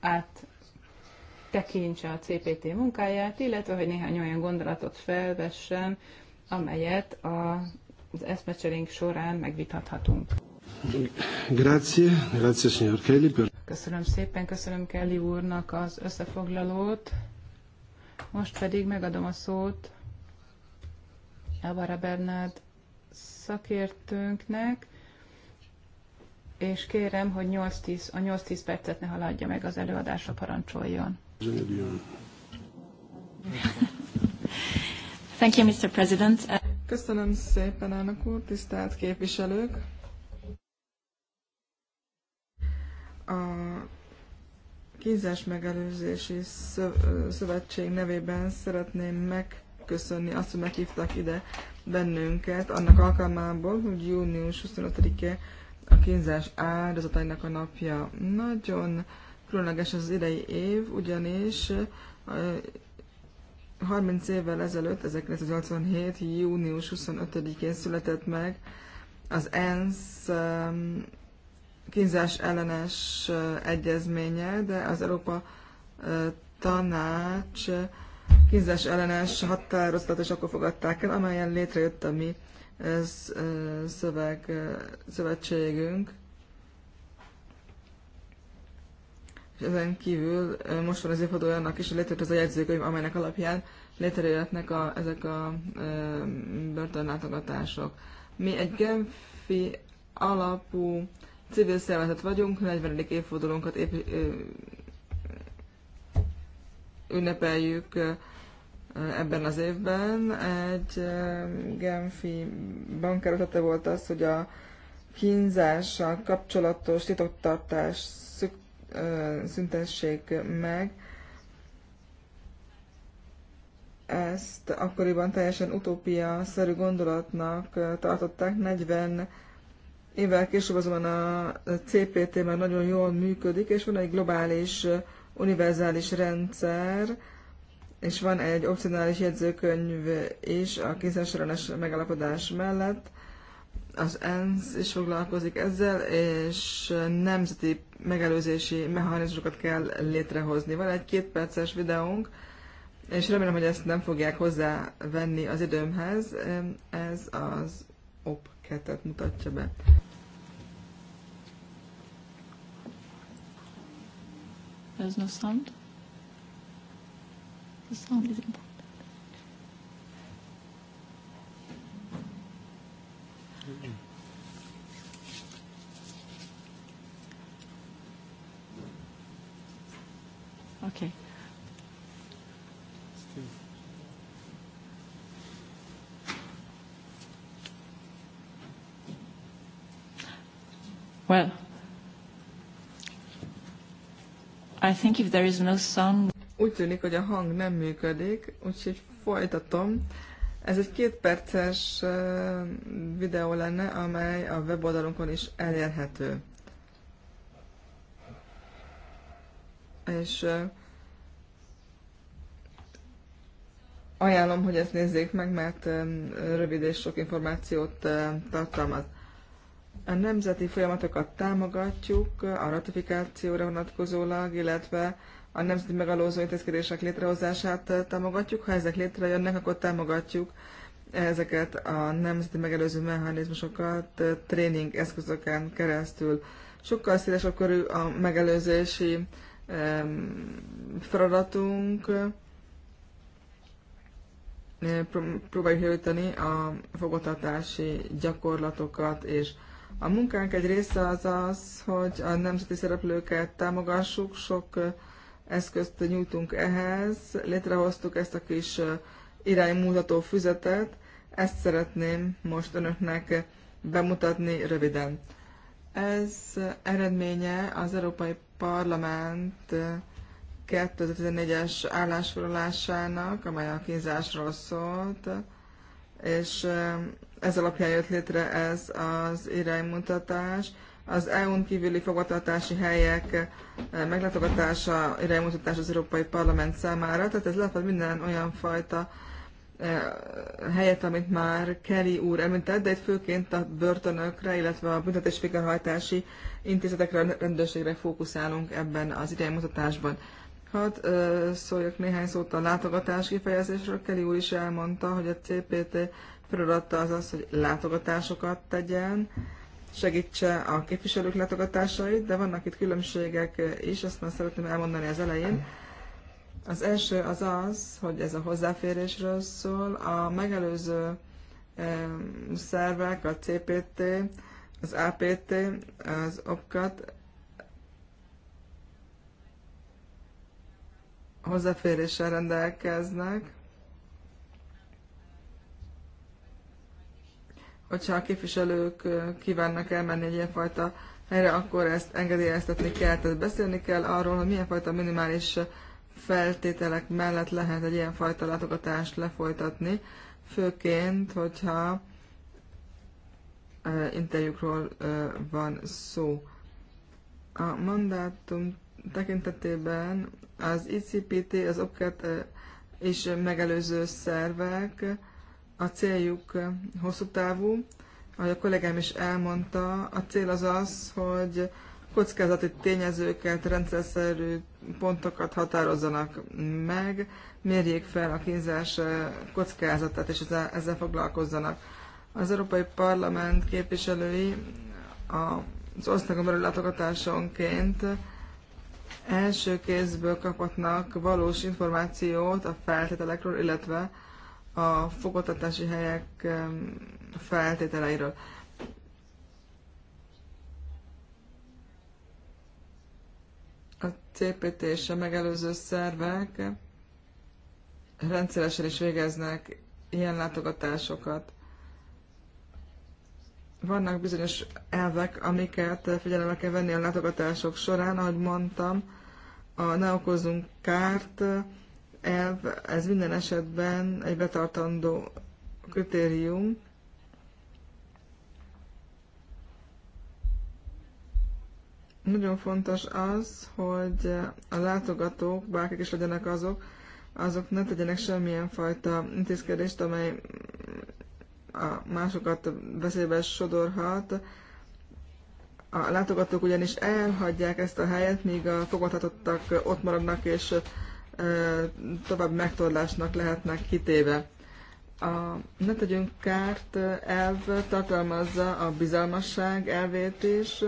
Speaker 2: át tekintse a CPT munkáját, illetve hogy néhány olyan gondolatot felvessen, amelyet az eszmecserénk során megvitathatunk.
Speaker 1: Grazie, grazie signor Kelly.
Speaker 2: Köszönöm szépen, köszönöm Kelly úrnak az összefoglalót. Most pedig megadom a szót Elvara Bernard szakértőnknek, és kérem, hogy 8-10, a 8-10 percet ne haladja meg az előadásra, parancsoljon. Thank you, Mr. President.
Speaker 3: Köszönöm szépen, elnök úr, tisztelt képviselők! A Kínzás Megelőzési Szövetség nevében szeretném meg megköszönni azt, hogy meghívtak ide bennünket annak alkalmából, hogy június 25-e a kínzás áldozatainak a napja. Nagyon különleges az idei év, ugyanis 30 évvel ezelőtt, 1987. június 25-én született meg az ENSZ kínzás ellenes egyezménye, de az Európa Tanács kínzás ellenes határozat, és akkor fogadták el, amelyen létrejött a mi ez, szöveg, szövetségünk. És ezen kívül most van az évfordulójának is létrejött az a jegyzőkönyv, amelynek alapján létrejöttnek a, ezek a e, börtönlátogatások. Mi egy Genfi alapú civil szervezet vagyunk, 40. évfordulónkat épp, e, ünnepeljük ebben az évben. Egy Genfi bankárotete volt az, hogy a kínzással kapcsolatos titoktartás szük, szüntessék meg. Ezt akkoriban teljesen utópia-szerű gondolatnak tartották. 40 évvel később azonban a CPT már nagyon jól működik, és van egy globális, univerzális rendszer, és van egy opcionális jegyzőkönyv is a készensorolási megalapodás mellett. Az ENSZ is foglalkozik ezzel, és nemzeti megelőzési mechanizmusokat kell létrehozni. Van egy két perces videónk, és remélem, hogy ezt nem fogják hozzávenni az időmhez. Ez az OP2-et mutatja be.
Speaker 2: Ez no sound. The sound is
Speaker 3: Well, I think if there is no sound, úgy tűnik, hogy a hang nem működik, úgyhogy folytatom. Ez egy kétperces videó lenne, amely a weboldalunkon is elérhető. És ajánlom, hogy ezt nézzék meg, mert rövid és sok információt tartalmaz a nemzeti folyamatokat támogatjuk a ratifikációra vonatkozólag, illetve a nemzeti megalózó intézkedések létrehozását támogatjuk. Ha ezek létrejönnek, akkor támogatjuk ezeket a nemzeti megelőző mechanizmusokat tréning eszközöken keresztül. Sokkal szélesebb körű a megelőzési feladatunk. Próbáljuk javítani a fogadtatási gyakorlatokat és a munkánk egy része az az, hogy a nemzeti szereplőket támogassuk, sok eszközt nyújtunk ehhez, létrehoztuk ezt a kis iránymutató füzetet, ezt szeretném most önöknek bemutatni röviden. Ez eredménye az Európai Parlament 2014-es állásfoglalásának, amely a kínzásról szólt, és ez alapján jött létre ez az iránymutatás. Az EU-n kívüli fogvatartási helyek e, meglátogatása iránymutatás az Európai Parlament számára, tehát ez lehet minden olyan fajta e, helyet, amit már Kelly úr említett, de itt főként a börtönökre, illetve a büntetés végrehajtási intézetekre, a rendőrségre fókuszálunk ebben az iránymutatásban. hát, szóljak néhány szót a látogatás kifejezésről. Kelly úr is elmondta, hogy a CPT feladata az az, hogy látogatásokat tegyen, segítse a képviselők látogatásait, de vannak itt különbségek is, ezt már szeretném elmondani az elején. Az első az az, hogy ez a hozzáférésről szól, a megelőző szervek, a CPT, az APT, az OPCAT hozzáféréssel rendelkeznek, hogyha a képviselők kívánnak elmenni egy ilyenfajta helyre, akkor ezt engedélyeztetni kell. Tehát beszélni kell arról, hogy milyen fajta minimális feltételek mellett lehet egy ilyenfajta látogatást lefolytatni, főként, hogyha interjúkról van szó. A mandátum tekintetében az ICPT, az OPCAT e és megelőző szervek, a céljuk eh, hosszú távú, ahogy a kollégám is elmondta, a cél az az, hogy kockázati tényezőket, rendszerszerű pontokat határozzanak meg, mérjék fel a kínzás eh, kockázatát, és ezzel, foglalkozzanak. Az Európai Parlament képviselői az országon belül látogatásonként első kézből kaphatnak valós információt a feltételekről, illetve a fogadtatási helyek feltételeiről. A CPT és a megelőző szervek rendszeresen is végeznek ilyen látogatásokat. Vannak bizonyos elvek, amiket figyelembe kell venni a látogatások során, ahogy mondtam, a ne okozunk kárt elv, ez minden esetben egy betartandó kritérium. Nagyon fontos az, hogy a látogatók, bárkik is legyenek azok, azok ne tegyenek semmilyen fajta intézkedést, amely a másokat veszélybe sodorhat. A látogatók ugyanis elhagyják ezt a helyet, míg a fogadhatottak ott maradnak és tovább megtorlásnak lehetnek kitéve. A ne tegyünk kárt elv tartalmazza a bizalmasság elvét is.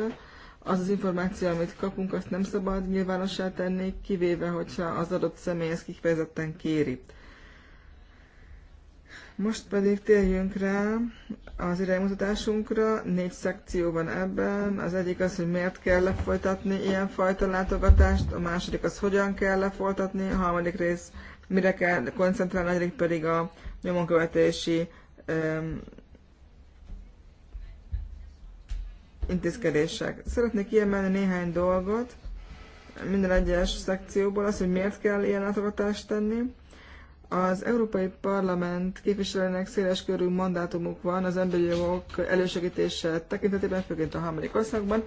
Speaker 3: Az az információ, amit kapunk, azt nem szabad nyilvánossá tenni, kivéve, hogyha az adott személy ezt kifejezetten kéri. Most pedig térjünk rá az iránymutatásunkra, négy szekció van ebben. Az egyik az, hogy miért kell lefolytatni ilyenfajta látogatást, a második az, hogyan kell lefolytatni, a harmadik rész, mire kell koncentrálni, a negyedik pedig a nyomonkövetési um, intézkedések. Szeretnék kiemelni néhány dolgot minden egyes szekcióból, az, hogy miért kell ilyen látogatást tenni, az Európai Parlament képviselőnek széles körű mandátumuk van az emberi jogok elősegítése tekintetében, főként a harmadik országban,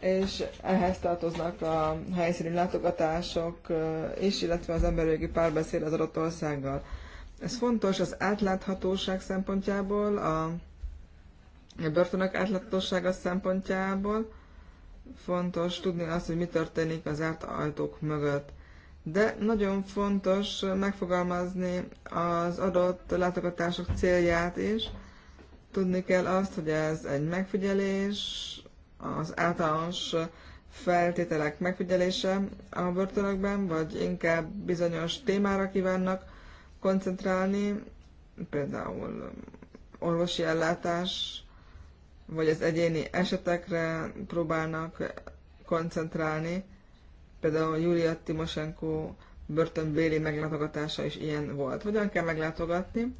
Speaker 3: és ehhez tartoznak a helyszíni látogatások és, illetve az emberi jogi párbeszéd az adott országgal. Ez fontos az átláthatóság szempontjából, a börtönök átláthatósága szempontjából, fontos tudni azt, hogy mi történik az zárt ajtók mögött de nagyon fontos megfogalmazni az adott látogatások célját is. Tudni kell azt, hogy ez egy megfigyelés, az általános feltételek megfigyelése a börtönökben, vagy inkább bizonyos témára kívánnak koncentrálni, például orvosi ellátás, vagy az egyéni esetekre próbálnak koncentrálni, Például Júlia Timosenko börtönbéli meglátogatása is ilyen volt. Hogyan kell meglátogatni?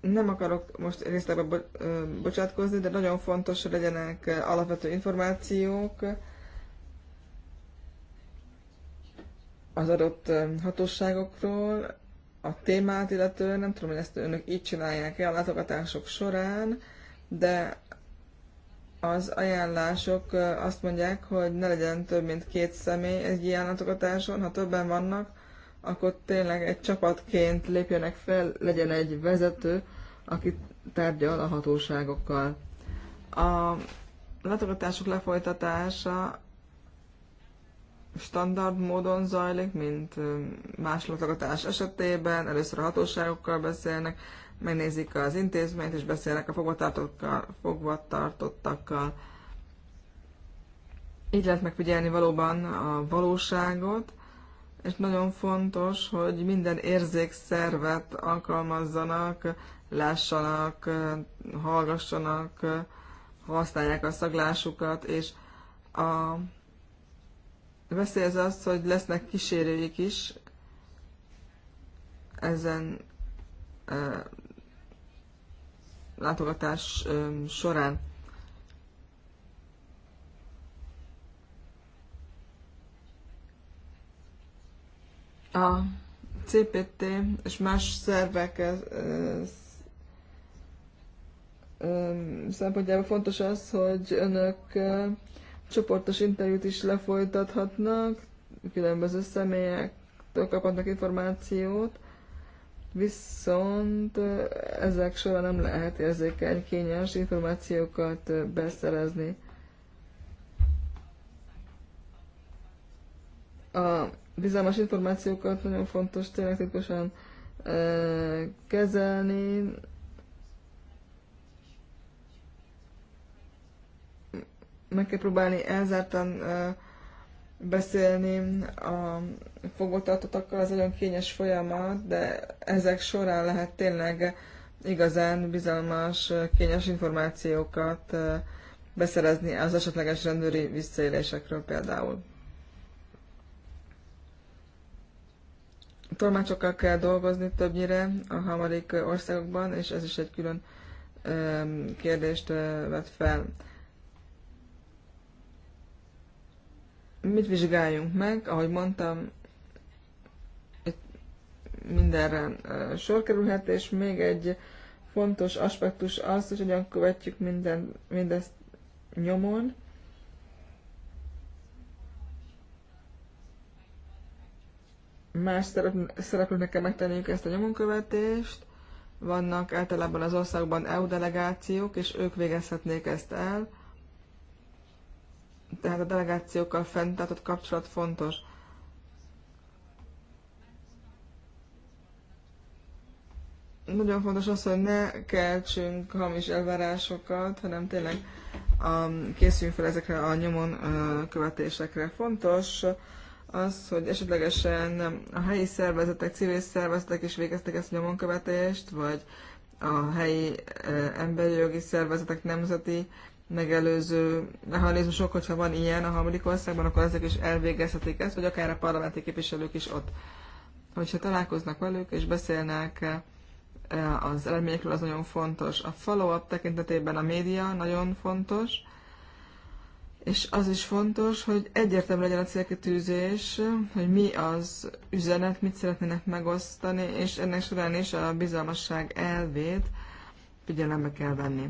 Speaker 3: Nem akarok most részletekbe bo- bocsátkozni, de nagyon fontos, hogy legyenek alapvető információk az adott hatóságokról, a témát illetően, nem tudom, hogy ezt önök így csinálják-e a látogatások során, de az ajánlások azt mondják, hogy ne legyen több, mint két személy egy ilyen látogatáson, ha többen vannak, akkor tényleg egy csapatként lépjenek fel, legyen egy vezető, aki tárgyal a hatóságokkal. A látogatások lefolytatása standard módon zajlik, mint más látogatás esetében. Először a hatóságokkal beszélnek, megnézik az intézményt, és beszélnek a fogvatartottakkal. fogvatartottakkal. Így lehet megfigyelni valóban a valóságot, és nagyon fontos, hogy minden érzékszervet alkalmazzanak, lássanak, hallgassanak, használják a szaglásukat, és a veszély az az, hogy lesznek kísérőik is ezen látogatás során. A CPT és más szervek szempontjából fontos az, hogy önök csoportos interjút is lefolytathatnak, különböző személyek kaphatnak információt, viszont ezek során nem lehet érzékeny, kényes információkat beszerezni. A bizalmas információkat nagyon fontos tényleg titkosan kezelni, meg kell próbálni elzártan uh, beszélni a fogvatartottakkal, az nagyon kényes folyamat, de ezek során lehet tényleg igazán bizalmas, kényes információkat beszerezni az esetleges rendőri visszaélésekről például. Tolmácsokkal kell dolgozni többnyire a hamarik országokban, és ez is egy külön kérdést vet fel. mit vizsgáljunk meg, ahogy mondtam, mindenre sor kerülhet, és még egy fontos aspektus az, hogy hogyan követjük minden, mindezt nyomon. Más szereplőknek kell megtenniük ezt a nyomonkövetést, vannak általában az országban EU delegációk, és ők végezhetnék ezt el tehát a delegációkkal fenntartott kapcsolat fontos. Nagyon fontos az, hogy ne keltsünk hamis elvárásokat, hanem tényleg um, készüljünk fel ezekre a nyomon uh, követésekre. Fontos az, hogy esetlegesen a helyi szervezetek, civil szervezetek is végeztek ezt a követést, vagy a helyi uh, emberi jogi szervezetek, nemzeti uh, megelőző mechanizmusok, hogyha van ilyen a harmadik országban, akkor ezek is elvégezhetik ezt, vagy akár a parlamenti képviselők is ott. Hogyha találkoznak velük és beszélnek eh, az eredményekről, az nagyon fontos. A follow-up tekintetében a média nagyon fontos, és az is fontos, hogy egyértelmű legyen a célkitűzés, hogy mi az üzenet, mit szeretnének megosztani, és ennek során is a bizalmasság elvét figyelembe kell venni.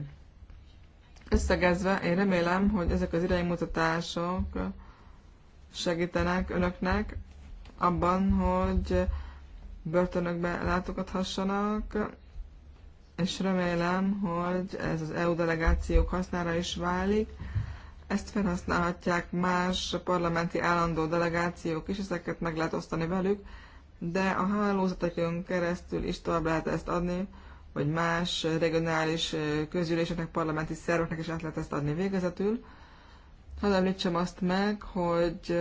Speaker 3: Összegezve, én remélem, hogy ezek az iránymutatások segítenek önöknek abban, hogy börtönökbe látogathassanak, és remélem, hogy ez az EU delegációk hasznára is válik. Ezt felhasználhatják más parlamenti állandó delegációk is, ezeket meg lehet osztani velük, de a hálózatokon keresztül is tovább lehet ezt adni vagy más regionális közüléseknek, parlamenti szerveknek is át lehet ezt adni végezetül. Hadd említsem azt meg, hogy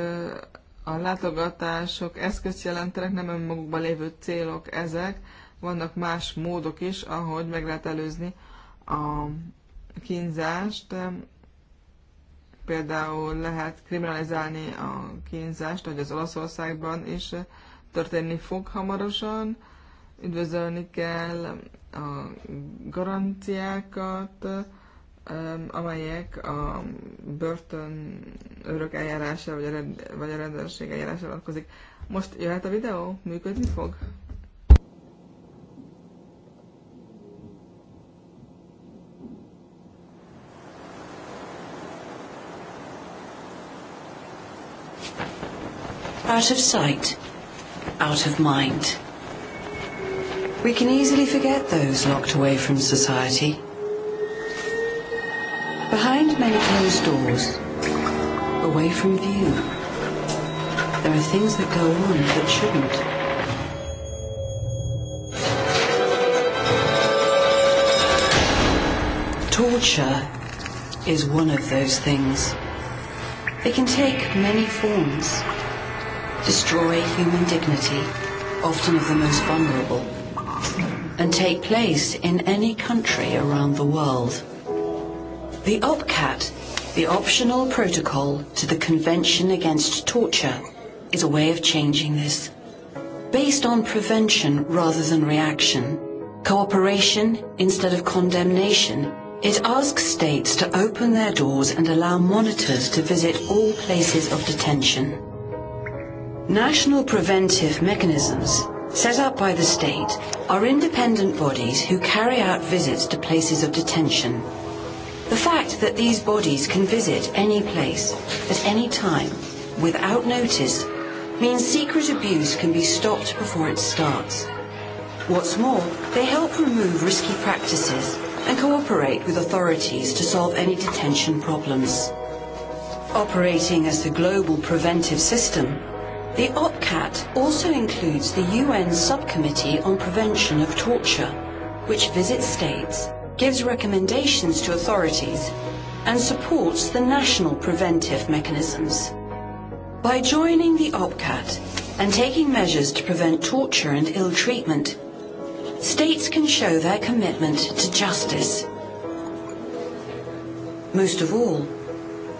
Speaker 3: a látogatások eszközt jelentenek, nem önmagukban lévő célok ezek, vannak más módok is, ahogy meg lehet előzni a kínzást. Például lehet kriminalizálni a kínzást, hogy az Olaszországban is történni fog hamarosan. Üdvözölni kell a garanciákat, amelyek a börtön örök eljárása vagy a, rend, vagy a rendőrség eljárása vonatkozik. Most jöhet a videó? Működni fog?
Speaker 6: Out of sight, out of mind. We can easily forget those locked away from society. Behind many closed doors, away from view, there are things that go on that shouldn't. Torture is one of those things. They can take many forms. Destroy human dignity, often of the most vulnerable and take place in any country around the world. The OPCAT, the optional protocol to the Convention Against Torture, is a way of changing this. Based on prevention rather than reaction, cooperation instead of condemnation, it asks states to open their doors and allow monitors to visit all places of detention. National preventive mechanisms set up by the state are independent bodies who carry out visits to places of detention. The fact that these bodies can visit any place at any time without notice means secret abuse can be stopped before it starts. What's more, they help remove risky practices and cooperate with authorities to solve any detention problems. Operating as the global preventive system, The OPCAT also includes the UN Subcommittee on Prevention of Torture, which visits states, gives recommendations to authorities, and supports the national preventive mechanisms. By joining the OPCAT and taking measures to prevent torture and ill treatment, states can show their commitment to justice. Most of all,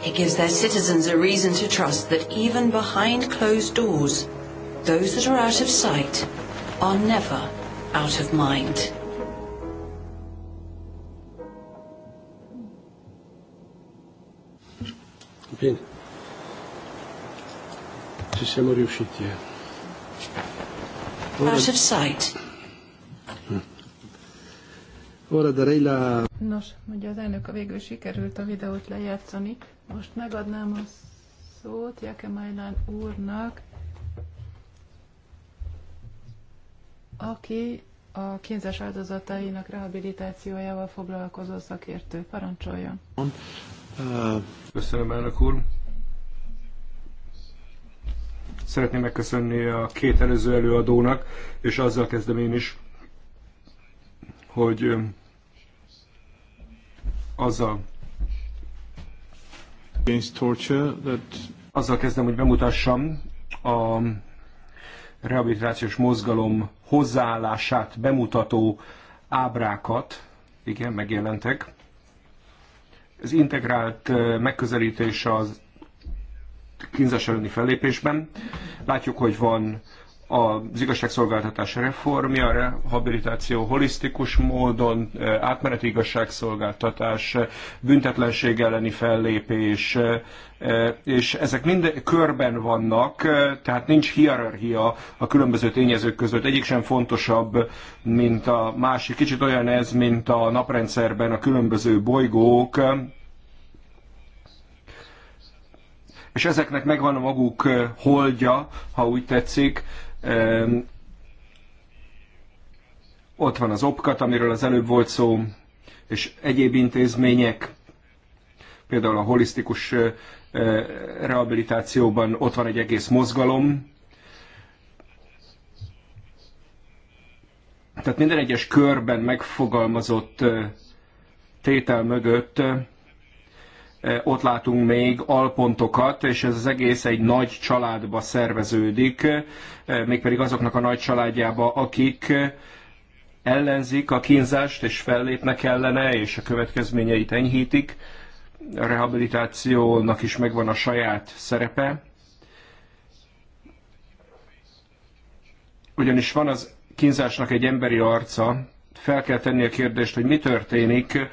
Speaker 6: It gives their citizens a reason to trust that even behind closed doors, those that are out of sight are never out of mind. Bene,
Speaker 1: ci siamo riusciti. Eh. Ora... Out of sight. Ora darei la...
Speaker 2: Nos, mondja az elnök, a végül sikerült a videót lejátszani. Most megadnám a szót Jakemajlán úrnak, aki a kínzás áldozatainak rehabilitációjával foglalkozó szakértő. Parancsoljon!
Speaker 1: Köszönöm, elnök úr! Szeretném megköszönni a két előző előadónak, és azzal kezdem én is, hogy az a azzal kezdem, hogy bemutassam a rehabilitációs mozgalom hozzáállását bemutató ábrákat. Igen, megjelentek. Ez integrált megközelítés az kínzás elleni fellépésben. Látjuk, hogy van az igazságszolgáltatás reformja, a rehabilitáció holisztikus módon, átmeneti igazságszolgáltatás, büntetlenség elleni fellépés, és ezek mind körben vannak, tehát nincs hierarchia a különböző tényezők között. Egyik sem fontosabb, mint a másik. Kicsit olyan ez, mint a naprendszerben a különböző bolygók, és ezeknek megvan a maguk holdja, ha úgy tetszik, ott van az opkat, amiről az előbb volt szó, és egyéb intézmények, például a holisztikus rehabilitációban ott van egy egész mozgalom. Tehát minden egyes körben megfogalmazott tétel mögött ott látunk még alpontokat, és ez az egész egy nagy családba szerveződik, e, mégpedig azoknak a nagy családjába, akik ellenzik a kínzást, és fellépnek ellene, és a következményeit enyhítik. A rehabilitációnak is megvan a saját szerepe. Ugyanis van az kínzásnak egy emberi arca, fel kell tenni a kérdést, hogy mi történik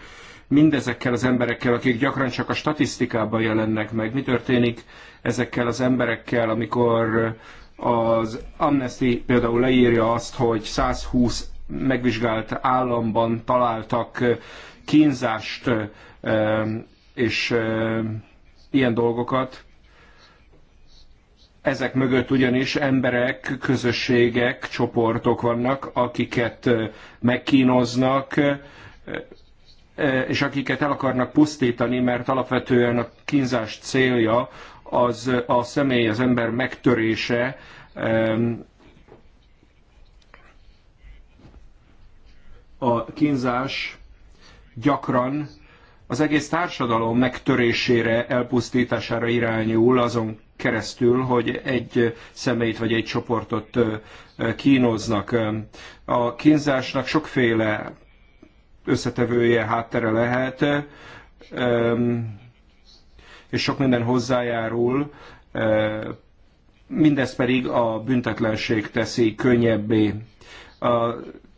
Speaker 1: mindezekkel az emberekkel, akik gyakran csak a statisztikában jelennek meg? Mi történik ezekkel az emberekkel, amikor az Amnesty például leírja azt, hogy 120 megvizsgált államban találtak kínzást és ilyen dolgokat. Ezek mögött ugyanis emberek, közösségek, csoportok vannak, akiket megkínoznak, Eh, és akiket el akarnak pusztítani, mert alapvetően a kínzás célja az a személy, az ember megtörése, a kínzás gyakran az egész társadalom megtörésére, elpusztítására irányul azon keresztül, hogy egy személyt vagy egy csoportot eh, kínoznak. A kínzásnak sokféle összetevője, háttere lehet, és sok minden hozzájárul, mindez pedig a büntetlenség teszi könnyebbé. A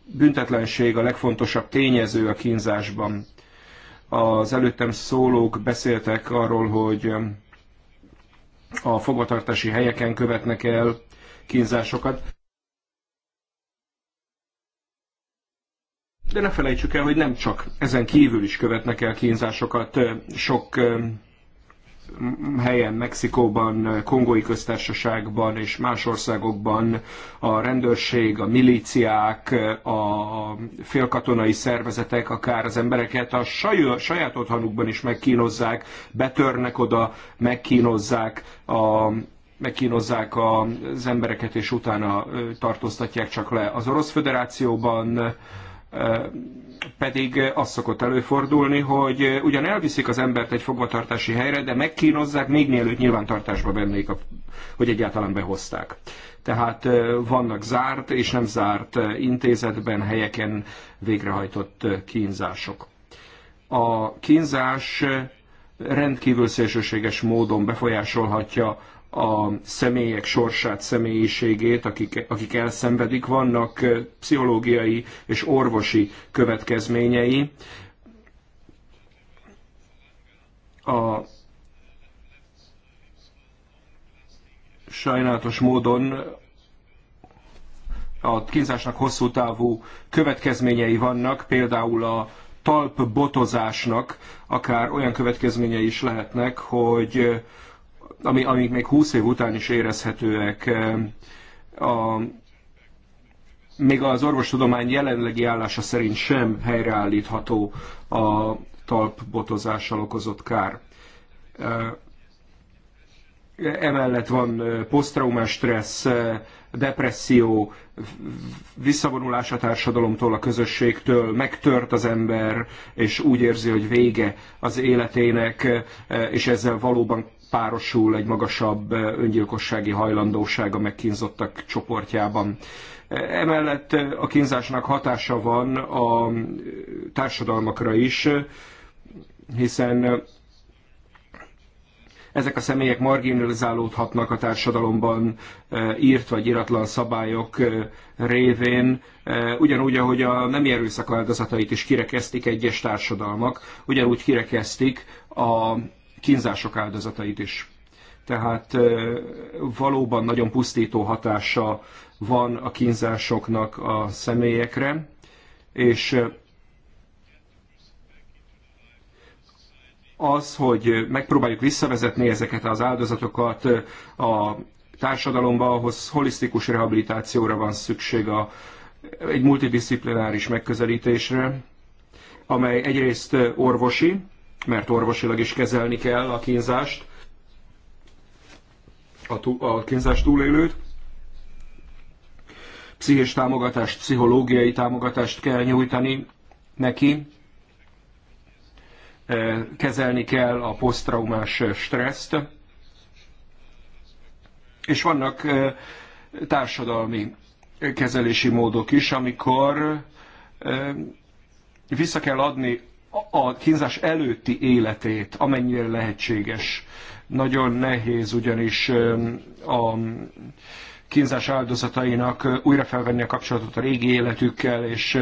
Speaker 1: büntetlenség a legfontosabb tényező a kínzásban. Az előttem szólók beszéltek arról, hogy a fogvatartási helyeken követnek el kínzásokat. De ne felejtsük el, hogy nem csak ezen kívül is követnek el kínzásokat sok helyen, Mexikóban, Kongói köztársaságban és más országokban a rendőrség, a milíciák, a félkatonai szervezetek akár az embereket a saját otthonukban is megkínozzák, betörnek oda, megkínozzák a megkínozzák az embereket, és utána tartóztatják csak le. Az Orosz Föderációban pedig az szokott előfordulni, hogy ugyan elviszik az embert egy fogvatartási helyre, de megkínozzák, még mielőtt nyilvántartásba vennék, hogy egyáltalán behozták. Tehát vannak zárt és nem zárt intézetben, helyeken végrehajtott kínzások. A kínzás rendkívül szélsőséges módon befolyásolhatja a személyek sorsát, személyiségét, akik, akik elszenvedik, vannak pszichológiai és orvosi következményei. A sajnálatos módon a kínzásnak hosszú távú következményei vannak, például a talpbotozásnak akár olyan következményei is lehetnek, hogy ami, amik még 20 év után is érezhetőek. A, még az orvostudomány jelenlegi állása szerint sem helyreállítható a talpbotozással okozott kár. Emellett van posztraumás stressz, depresszió, visszavonulás a társadalomtól, a közösségtől, megtört az ember, és úgy érzi, hogy vége az életének, és ezzel valóban párosul egy magasabb öngyilkossági hajlandóság a megkínzottak csoportjában. Emellett a kínzásnak hatása van a társadalmakra is, hiszen ezek a személyek marginalizálódhatnak a társadalomban írt vagy iratlan szabályok révén, ugyanúgy, ahogy a nem erőszak áldozatait is kirekesztik egyes társadalmak, ugyanúgy kirekesztik a kínzások áldozatait is. Tehát valóban nagyon pusztító hatása van a kínzásoknak a személyekre, és az, hogy megpróbáljuk visszavezetni ezeket az áldozatokat a társadalomba, ahhoz holisztikus rehabilitációra van szükség a, egy multidisziplináris megközelítésre, amely egyrészt orvosi, mert orvosilag is kezelni kell a kínzást, a, túl, a kínzás túlélőt. Pszichés támogatást, pszichológiai támogatást kell nyújtani neki. E, kezelni kell a posztraumás stresszt. És vannak e, társadalmi kezelési módok is, amikor e, vissza kell adni a kínzás előtti életét, amennyire lehetséges. Nagyon nehéz ugyanis a kínzás áldozatainak újra felvenni a kapcsolatot a régi életükkel, és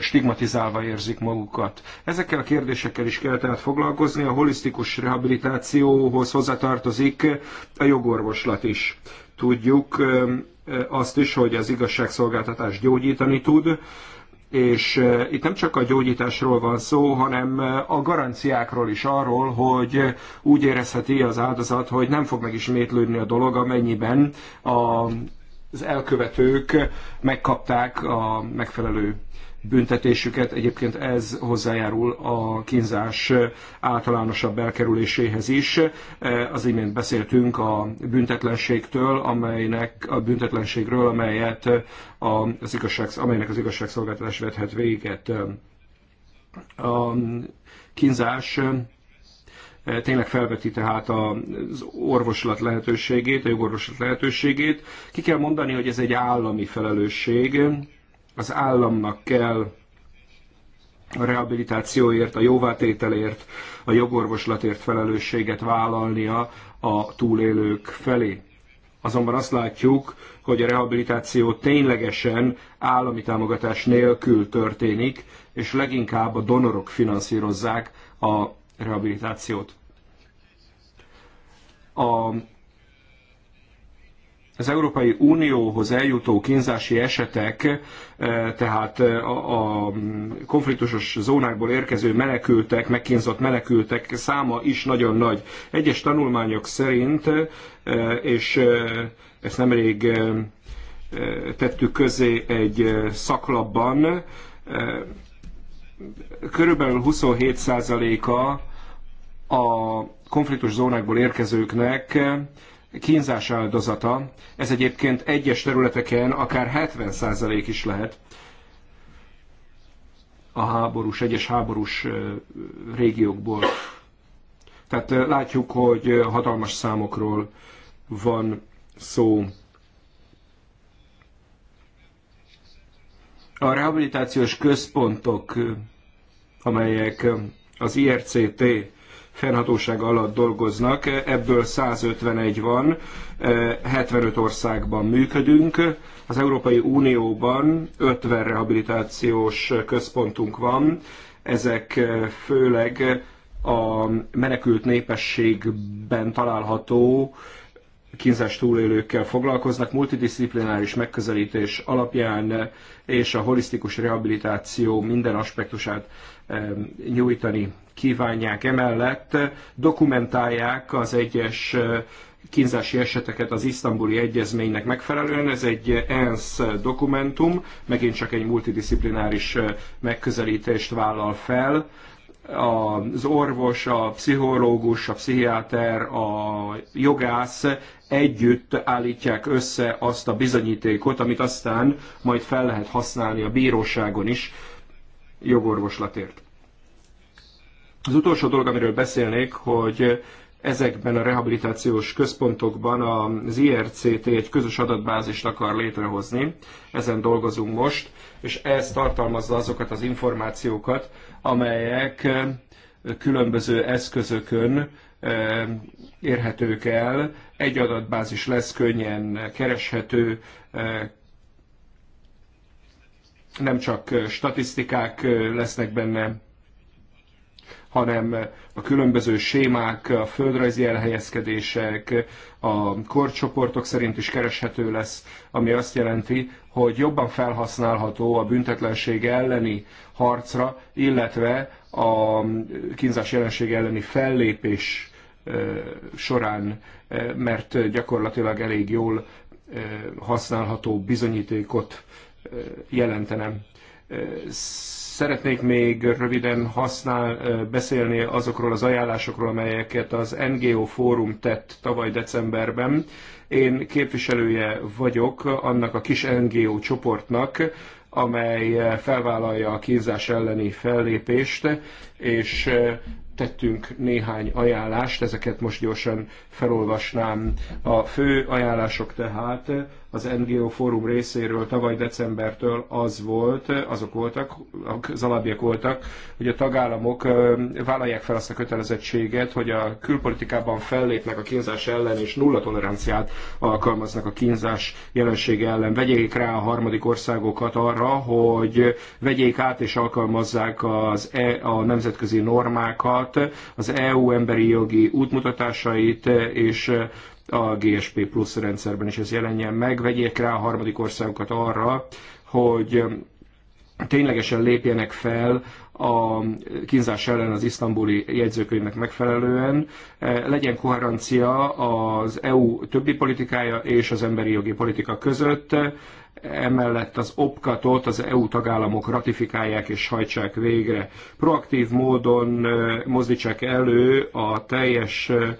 Speaker 1: stigmatizálva érzik magukat. Ezekkel a kérdésekkel is kell tehát foglalkozni, a holisztikus rehabilitációhoz hozzátartozik a jogorvoslat is. Tudjuk azt is, hogy az igazságszolgáltatás gyógyítani tud, és itt nem csak a gyógyításról van szó, hanem a garanciákról is arról, hogy úgy érezheti az áldozat, hogy nem fog megismétlődni a dolog, amennyiben a, az elkövetők megkapták a megfelelő büntetésüket. Egyébként ez hozzájárul a kínzás általánosabb elkerüléséhez is. Az imént beszéltünk a büntetlenségtől, amelynek a büntetlenségről, amelyet az igazság, amelynek az igazságszolgáltatás vethet véget. A kínzás eh, tényleg felveti tehát az orvoslat lehetőségét, a jogorvoslat lehetőségét. Ki kell mondani, hogy ez egy állami felelősség, az államnak kell a rehabilitációért, a jóvátételért, a jogorvoslatért felelősséget vállalnia a túlélők felé. Azonban azt látjuk, hogy a rehabilitáció ténylegesen állami támogatás nélkül történik, és leginkább a donorok finanszírozzák a rehabilitációt. A az Európai Unióhoz eljutó kínzási esetek, e, tehát e, a konfliktusos zónákból érkező menekültek, megkínzott menekültek száma is nagyon nagy. Egyes tanulmányok szerint, e, és ezt nemrég tettük közé egy szaklapban, körülbelül 27%-a a konfliktus zónákból érkezőknek kínzás áldozata. Ez egyébként egyes területeken akár 70% is lehet a háborús, egyes háborús régiókból. Tehát látjuk, hogy hatalmas számokról van szó. A rehabilitációs központok, amelyek az IRCT fennhatóság alatt dolgoznak, ebből 151 van, 75 eh, országban működünk. Az Európai Unióban 50 rehabilitációs központunk van, ezek eh, főleg a menekült népességben található kínzás túlélőkkel foglalkoznak, multidisziplináris megközelítés alapján eh, és a holisztikus rehabilitáció minden aspektusát nyújtani kívánják. Emellett dokumentálják az egyes kínzási eseteket az isztambuli egyezménynek megfelelően. Ez egy ENSZ dokumentum, megint csak egy multidisziplináris megközelítést vállal fel. Az orvos, a pszichológus, a pszichiáter, a jogász együtt állítják össze azt a bizonyítékot, amit aztán majd fel lehet használni a bíróságon is jogorvoslatért. Az utolsó dolog, amiről beszélnék, hogy ezekben a rehabilitációs központokban az IRCT egy közös adatbázist akar létrehozni, ezen dolgozunk most, és ez tartalmazza azokat az információkat, amelyek eh, különböző eszközökön eh, érhetők el. Egy adatbázis lesz könnyen kereshető, eh, nem csak statisztikák lesznek benne, hanem a különböző sémák, a földrajzi elhelyezkedések, a korcsoportok szerint is kereshető lesz, ami azt jelenti, hogy jobban felhasználható a büntetlenség elleni harcra, illetve a kínzás jelenség elleni fellépés során, mert gyakorlatilag elég jól használható bizonyítékot jelentenem Szeretnék még röviden használ, beszélni azokról az ajánlásokról, amelyeket az NGO Fórum tett tavaly decemberben. Én képviselője vagyok annak a kis NGO csoportnak, amely felvállalja a kínzás elleni fellépést, és tettünk néhány ajánlást, ezeket most gyorsan felolvasnám. A fő ajánlások tehát az NGO fórum részéről tavaly decembertől az volt, azok voltak, az alábbiak voltak, hogy a tagállamok vállalják fel azt a kötelezettséget, hogy a külpolitikában fellépnek a kínzás ellen, és nulla toleranciát alkalmaznak a kínzás jelensége ellen. Vegyék rá a harmadik országokat arra, hogy vegyék át és alkalmazzák az e, a nemzetközi normákat, az EU emberi jogi útmutatásait, és a GSP Plus rendszerben is ez jelenjen meg, vegyék rá a harmadik országokat arra, hogy um, ténylegesen lépjenek fel a kínzás ellen az isztambuli jegyzőkönyvnek megfelelően, e, legyen koherencia az EU többi politikája és az emberi jogi politika között, emellett az opkatot az EU tagállamok ratifikálják és hajtsák végre. Proaktív módon e, mozdítsák elő a teljes e,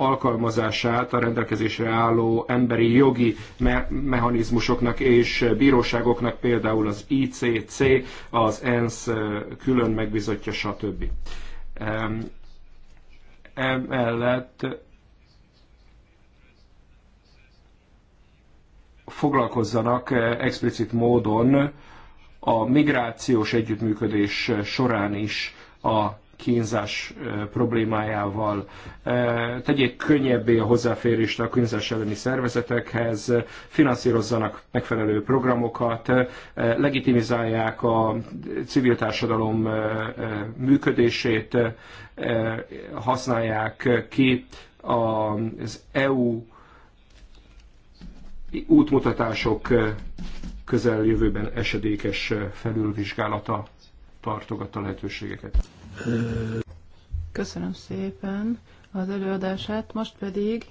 Speaker 1: alkalmazását a rendelkezésre álló emberi jogi me mechanizmusoknak és bíróságoknak, például az ICC, az ENSZ külön megbizotja, stb. Emellett foglalkozzanak explicit módon a migrációs együttműködés során is a kínzás problémájával, tegyék könnyebbé a hozzáférést a kínzás elleni szervezetekhez, finanszírozzanak megfelelő programokat, legitimizálják a civil társadalom működését, használják ki az EU útmutatások közeljövőben esedékes felülvizsgálata tartogatta lehetőségeket.
Speaker 2: Köszönöm szépen az előadását, most pedig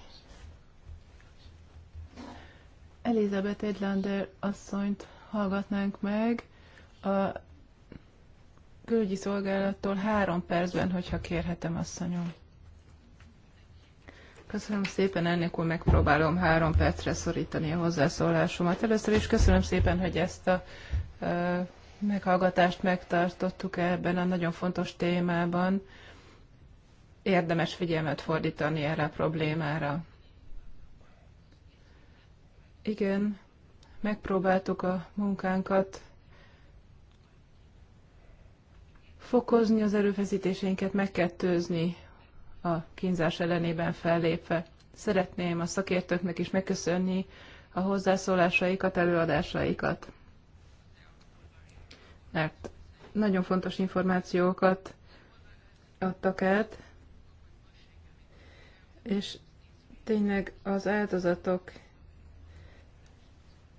Speaker 2: Elizabeth Edlander asszonyt hallgatnánk meg a külügyi szolgálattól három percben, hogyha kérhetem asszonyom. Köszönöm szépen, ennek úr megpróbálom három percre szorítani a hozzászólásomat. Először is köszönöm szépen, hogy ezt a meghallgatást megtartottuk ebben a nagyon fontos témában. Érdemes figyelmet fordítani erre a problémára. Igen, megpróbáltuk a munkánkat fokozni az erőfeszítéseinket, megkettőzni a kínzás ellenében fellépve. Szeretném a szakértőknek is megköszönni a hozzászólásaikat, előadásaikat mert nagyon fontos információkat adtak át, és tényleg az áldozatok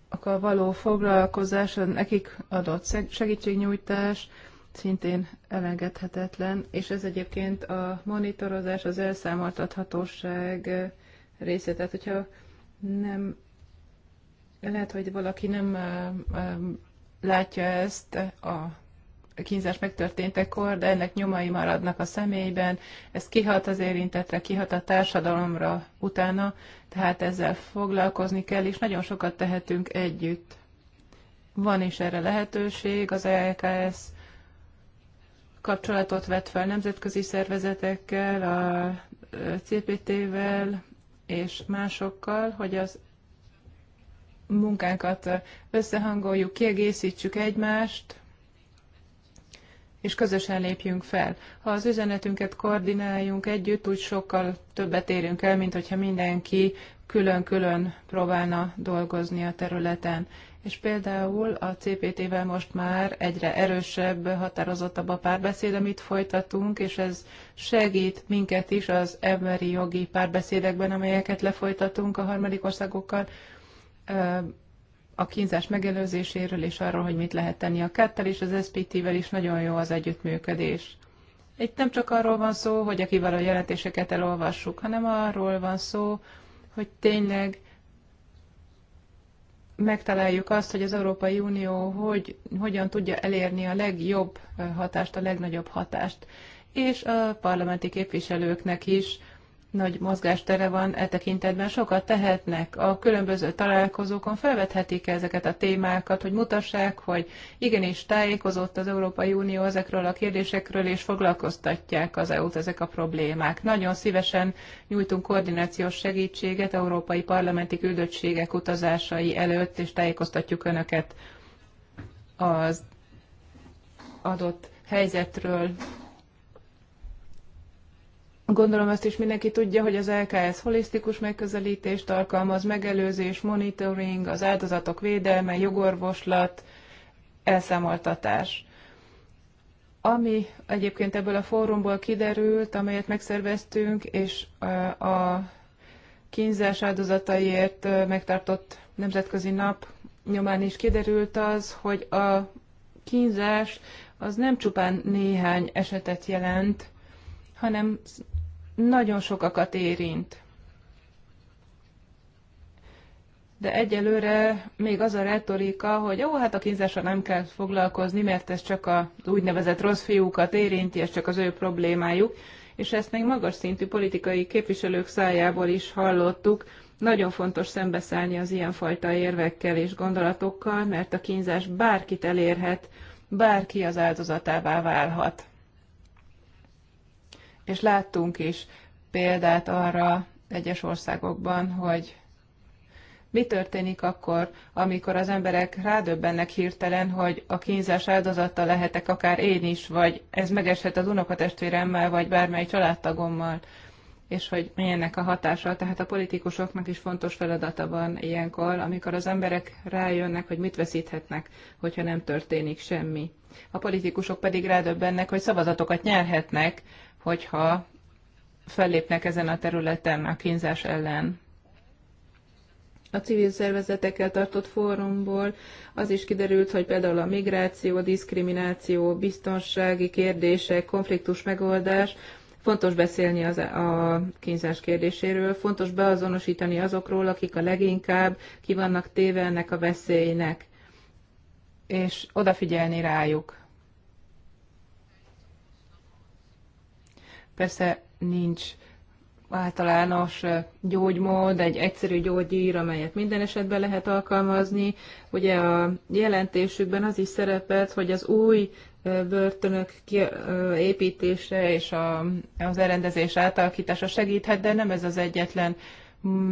Speaker 2: a való foglalkozás, nekik adott segítségnyújtás szintén elengedhetetlen, és ez egyébként a monitorozás, az elszámoltathatóság része. Tehát, hogyha nem lehet, hogy valaki nem látja ezt a kínzás megtörténtekor, de ennek nyomai maradnak a személyben, ez kihat az érintetre, kihat a társadalomra utána, tehát ezzel foglalkozni kell, és nagyon sokat tehetünk együtt. Van is erre lehetőség, az EKS kapcsolatot vett fel nemzetközi szervezetekkel, a CPT-vel és másokkal, hogy az munkánkat összehangoljuk, kiegészítsük egymást, és közösen lépjünk fel. Ha az üzenetünket koordináljunk együtt, úgy sokkal többet érünk el, mint hogyha mindenki külön-külön próbálna dolgozni a területen. És például a CPT-vel most már egyre erősebb, határozottabb a párbeszéd, amit folytatunk, és ez segít minket is az emberi jogi párbeszédekben, amelyeket lefolytatunk a harmadik országokkal, a kínzás megelőzéséről és arról, hogy mit lehet tenni a kettel, és az SPT-vel is nagyon jó az együttműködés. Itt nem csak arról van szó, hogy a jelentéseket elolvassuk, hanem arról van szó, hogy tényleg megtaláljuk azt, hogy az Európai Unió hogy, hogyan tudja elérni a legjobb hatást, a legnagyobb hatást. És a parlamenti képviselőknek is nagy mozgástere van e tekintetben, sokat tehetnek. A különböző találkozókon felvethetik -e ezeket a témákat, hogy mutassák, hogy igenis tájékozott az Európai Unió ezekről a kérdésekről, és foglalkoztatják az EU-t ezek a problémák. Nagyon szívesen nyújtunk koordinációs segítséget európai parlamenti küldöttségek utazásai előtt, és tájékoztatjuk Önöket az adott helyzetről, Gondolom azt is mindenki tudja, hogy az LKS holisztikus megközelítést alkalmaz, megelőzés, monitoring, az áldozatok védelme, jogorvoslat, elszámoltatás. Ami egyébként ebből a fórumból kiderült, amelyet megszerveztünk, és a kínzás áldozataiért megtartott nemzetközi nap nyomán is kiderült az, hogy a kínzás az nem csupán néhány esetet jelent, hanem nagyon sokakat érint. De egyelőre még az a retorika, hogy ó, hát a kínzásra nem kell foglalkozni, mert ez csak az úgynevezett rossz fiúkat érinti, ez csak az ő problémájuk, és ezt még magas szintű politikai képviselők szájából is hallottuk. Nagyon fontos szembeszállni az ilyenfajta érvekkel és gondolatokkal, mert a kínzás bárkit elérhet, bárki az áldozatává válhat és láttunk is példát arra egyes országokban, hogy mi történik akkor, amikor az emberek rádöbbennek hirtelen, hogy a kínzás áldozata lehetek akár én is, vagy ez megeshet az unokatestvéremmel, vagy bármely családtagommal, és hogy milyennek a hatása. Tehát a politikusoknak is fontos feladata van ilyenkor, amikor az emberek rájönnek, hogy mit veszíthetnek, hogyha nem történik semmi. A politikusok pedig rádöbbennek, hogy szavazatokat nyerhetnek, hogyha fellépnek ezen a területen a kínzás ellen. A civil szervezetekkel tartott fórumból az is kiderült, hogy például a migráció, diszkrimináció, biztonsági kérdések, konfliktus megoldás, fontos beszélni az, a kínzás kérdéséről, fontos beazonosítani azokról, akik a leginkább ki vannak téve ennek a veszélynek, és odafigyelni rájuk. Persze nincs általános gyógymód, egy egyszerű gyógyír, amelyet minden esetben lehet alkalmazni. Ugye a jelentésükben az is szerepelt, hogy az új börtönök építése és az elrendezés átalakítása segíthet, de nem ez az egyetlen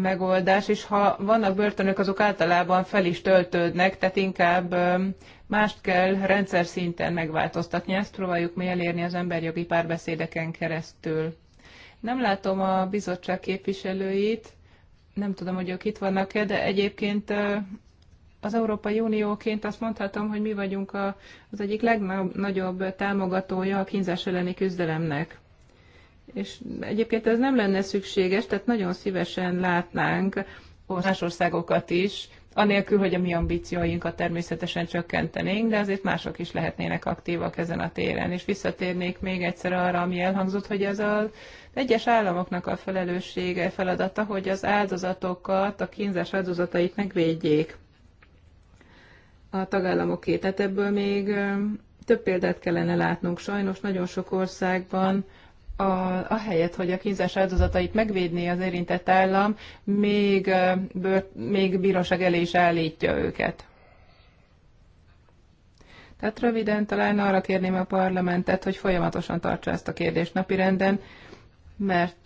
Speaker 2: megoldás, és ha vannak börtönök, azok általában fel is töltődnek, tehát inkább mást kell rendszer szinten megváltoztatni. Ezt próbáljuk mi elérni az emberjogi párbeszédeken keresztül. Nem látom a bizottság képviselőit, nem tudom, hogy ők itt vannak-e, de egyébként az Európai Unióként azt mondhatom, hogy mi vagyunk az egyik legnagyobb támogatója a kínzás elleni küzdelemnek és egyébként ez nem lenne szükséges, tehát nagyon szívesen látnánk más országokat is, anélkül, hogy a mi ambícióinkat természetesen csökkentenénk, de azért mások is lehetnének aktívak ezen a téren. És visszatérnék még egyszer arra, ami elhangzott, hogy ez az egyes államoknak a felelőssége, feladata, hogy az áldozatokat, a kínzás áldozatait megvédjék a tagállamoké. Tehát ebből még több példát kellene látnunk. Sajnos nagyon sok országban a, helyet, hogy a kínzás áldozatait megvédni az érintett állam, még, bőr, még bíróság elé is állítja őket. Tehát röviden talán arra kérném a parlamentet, hogy folyamatosan tartsa ezt a kérdést napirenden, mert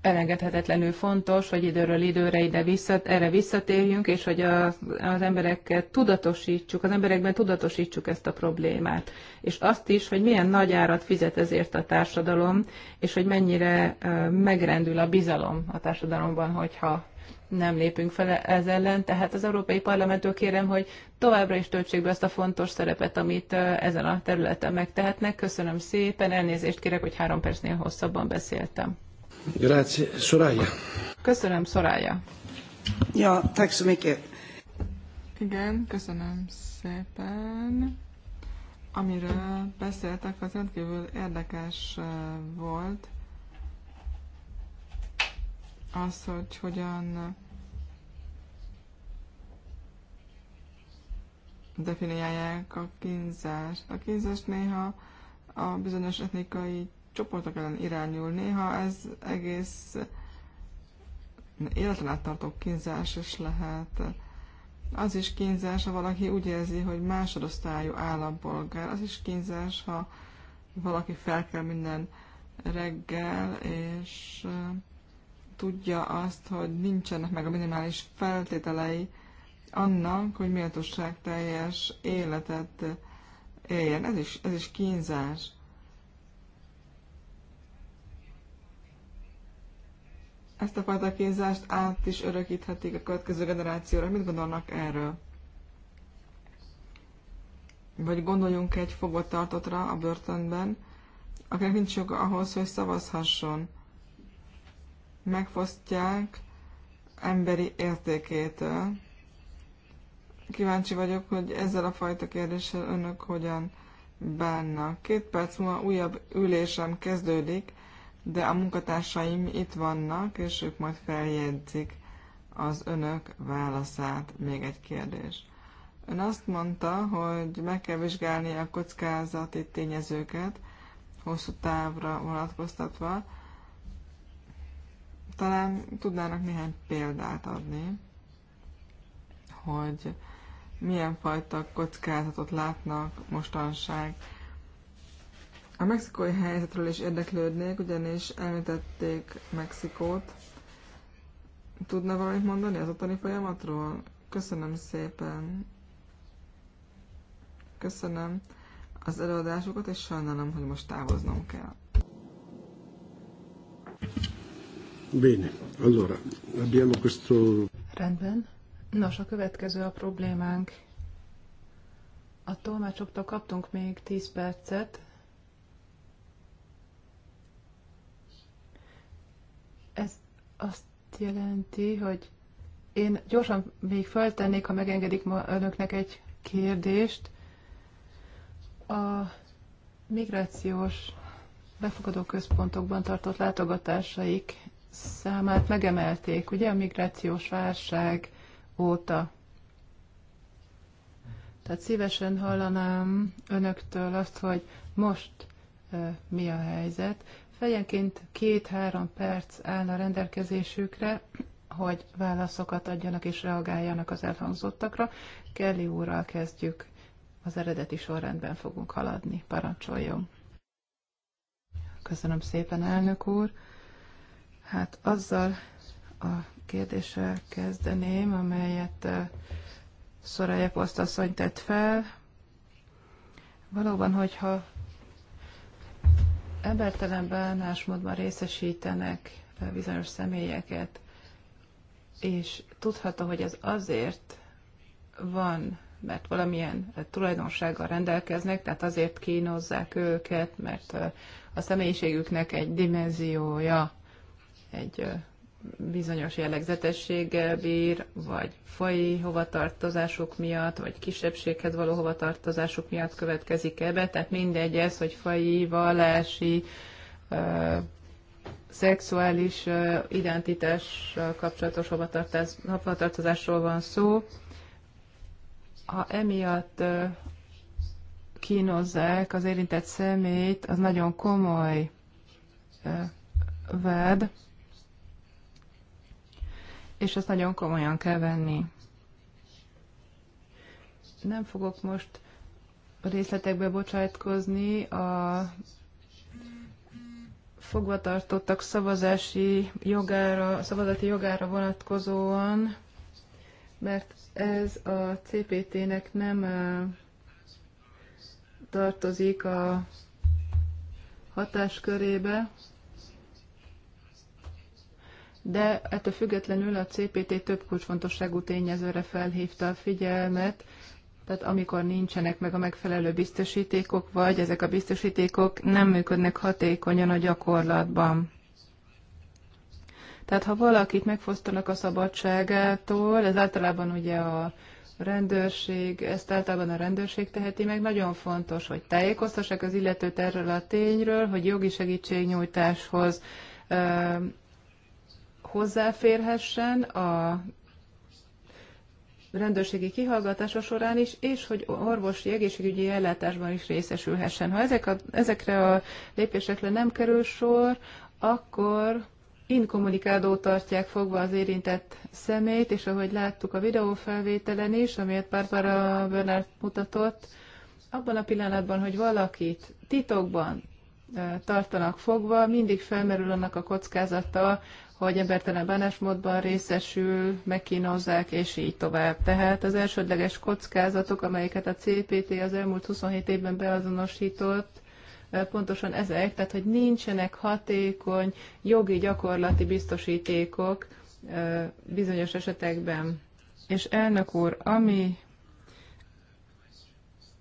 Speaker 2: elengedhetetlenül fontos, hogy időről időre ide visszat, erre visszatérjünk, és hogy a az embereket tudatosítsuk, az emberekben tudatosítsuk ezt a problémát. És azt is, hogy milyen nagy árat fizet ezért a társadalom, és hogy mennyire megrendül a bizalom a társadalomban, hogyha nem lépünk fel ez ellen. Tehát az Európai Parlamenttől kérem, hogy továbbra is töltsék be ezt a fontos szerepet, amit ezen a területen megtehetnek. Köszönöm szépen, elnézést kérek, hogy három percnél hosszabban beszéltem.
Speaker 1: Grazie. Soraya.
Speaker 2: Köszönöm, Soraya. Ja, tack så mycket. Igen, köszönöm szépen.
Speaker 3: Amiről beszéltek, az rendkívül érdekes volt az, hogy hogyan definiálják a kínzást. A kínzást néha a bizonyos etnikai csoportok ellen irányul. Néha ez egész életen áttartó kínzás is lehet. Az is kínzás, ha valaki úgy érzi, hogy másodosztályú állampolgár. Az is kínzás, ha valaki felkel minden reggel, és tudja azt, hogy nincsenek meg a minimális feltételei annak, hogy méltóság teljes életet éljen. Ez is, ez is kínzás. ezt a fajta kínzást át is örökíthetik a következő generációra. Mit gondolnak erről? Vagy gondoljunk egy fogvatartotra a börtönben, akinek nincs joga ahhoz, hogy szavazhasson. Megfosztják emberi értékétől. Kíváncsi vagyok, hogy ezzel a fajta kérdéssel önök hogyan bánnak. Két perc múlva újabb ülésem kezdődik, de a munkatársaim itt vannak, és ők majd feljegyzik az önök válaszát. Még egy kérdés. Ön azt mondta, hogy meg kell vizsgálni a kockázati tényezőket, hosszú távra vonatkoztatva. Talán tudnának néhány példát adni, hogy milyen fajta kockázatot látnak mostanság a mexikói helyzetről is érdeklődnék, ugyanis említették Mexikót. Tudna valamit mondani az ottani folyamatról? Köszönöm szépen. Köszönöm az előadásokat, és sajnálom, hogy most távoznom kell.
Speaker 1: Bene, allora, abbiamo questo...
Speaker 2: Rendben. Nos, a következő a problémánk. A tolmácsoktól kaptunk még 10 percet, azt jelenti, hogy én gyorsan még feltennék, ha megengedik ma önöknek egy kérdést. A migrációs befogadó központokban tartott látogatásaik számát megemelték, ugye a migrációs válság óta. Tehát szívesen hallanám önöktől azt, hogy most mi a helyzet. Fejenként két-három perc állna rendelkezésükre, hogy válaszokat adjanak és reagáljanak az elhangzottakra. Kelly úrral kezdjük, az eredeti sorrendben fogunk haladni. Parancsoljon! Köszönöm szépen, elnök úr! Hát azzal a kérdéssel kezdeném, amelyet eh, Szoraja Posztasszony tett fel. Valóban, hogyha embertelen bánásmódban részesítenek bizonyos személyeket, és tudható, hogy ez azért van, mert valamilyen tulajdonsággal rendelkeznek, tehát azért kínozzák őket, mert a személyiségüknek egy dimenziója, egy bizonyos jellegzetességgel bír, vagy fai hovatartozásuk miatt, vagy kisebbséghez való hovatartozásuk miatt következik ebbe. Tehát mindegy ez, hogy fai, vallási, ö, szexuális ö, kapcsolatos hovatartozásról van szó. Ha emiatt ö, kínozzák az érintett személyt, az nagyon komoly vád és ezt nagyon komolyan kell venni. Nem fogok most részletekbe bocsátkozni a fogvatartottak szavazási jogára, szavazati jogára vonatkozóan, mert ez a CPT-nek nem tartozik a hatáskörébe de ettől függetlenül a CPT több kulcsfontosságú tényezőre felhívta a figyelmet, tehát amikor nincsenek meg a megfelelő biztosítékok, vagy ezek a biztosítékok nem működnek hatékonyan a gyakorlatban. Tehát ha valakit megfosztanak a szabadságától, ez általában ugye a rendőrség, ezt általában a rendőrség teheti meg, nagyon fontos, hogy tájékoztassák az illetőt erről a tényről, hogy jogi segítségnyújtáshoz hozzáférhessen a rendőrségi kihallgatása során is, és hogy orvosi egészségügyi ellátásban is részesülhessen. Ha ezek a, ezekre a lépésekre nem kerül sor, akkor inkommunikádó tartják fogva az érintett szemét, és ahogy láttuk a videófelvételen is, amelyet Barbara Bernard mutatott, abban a pillanatban, hogy valakit titokban tartanak fogva, mindig felmerül annak a kockázata, hogy embertelen bánásmódban részesül, megkínozzák, és így tovább. Tehát az elsődleges kockázatok, amelyeket a CPT az elmúlt 27 évben beazonosított, pontosan ezek, tehát hogy nincsenek hatékony jogi gyakorlati biztosítékok bizonyos esetekben. És elnök úr, ami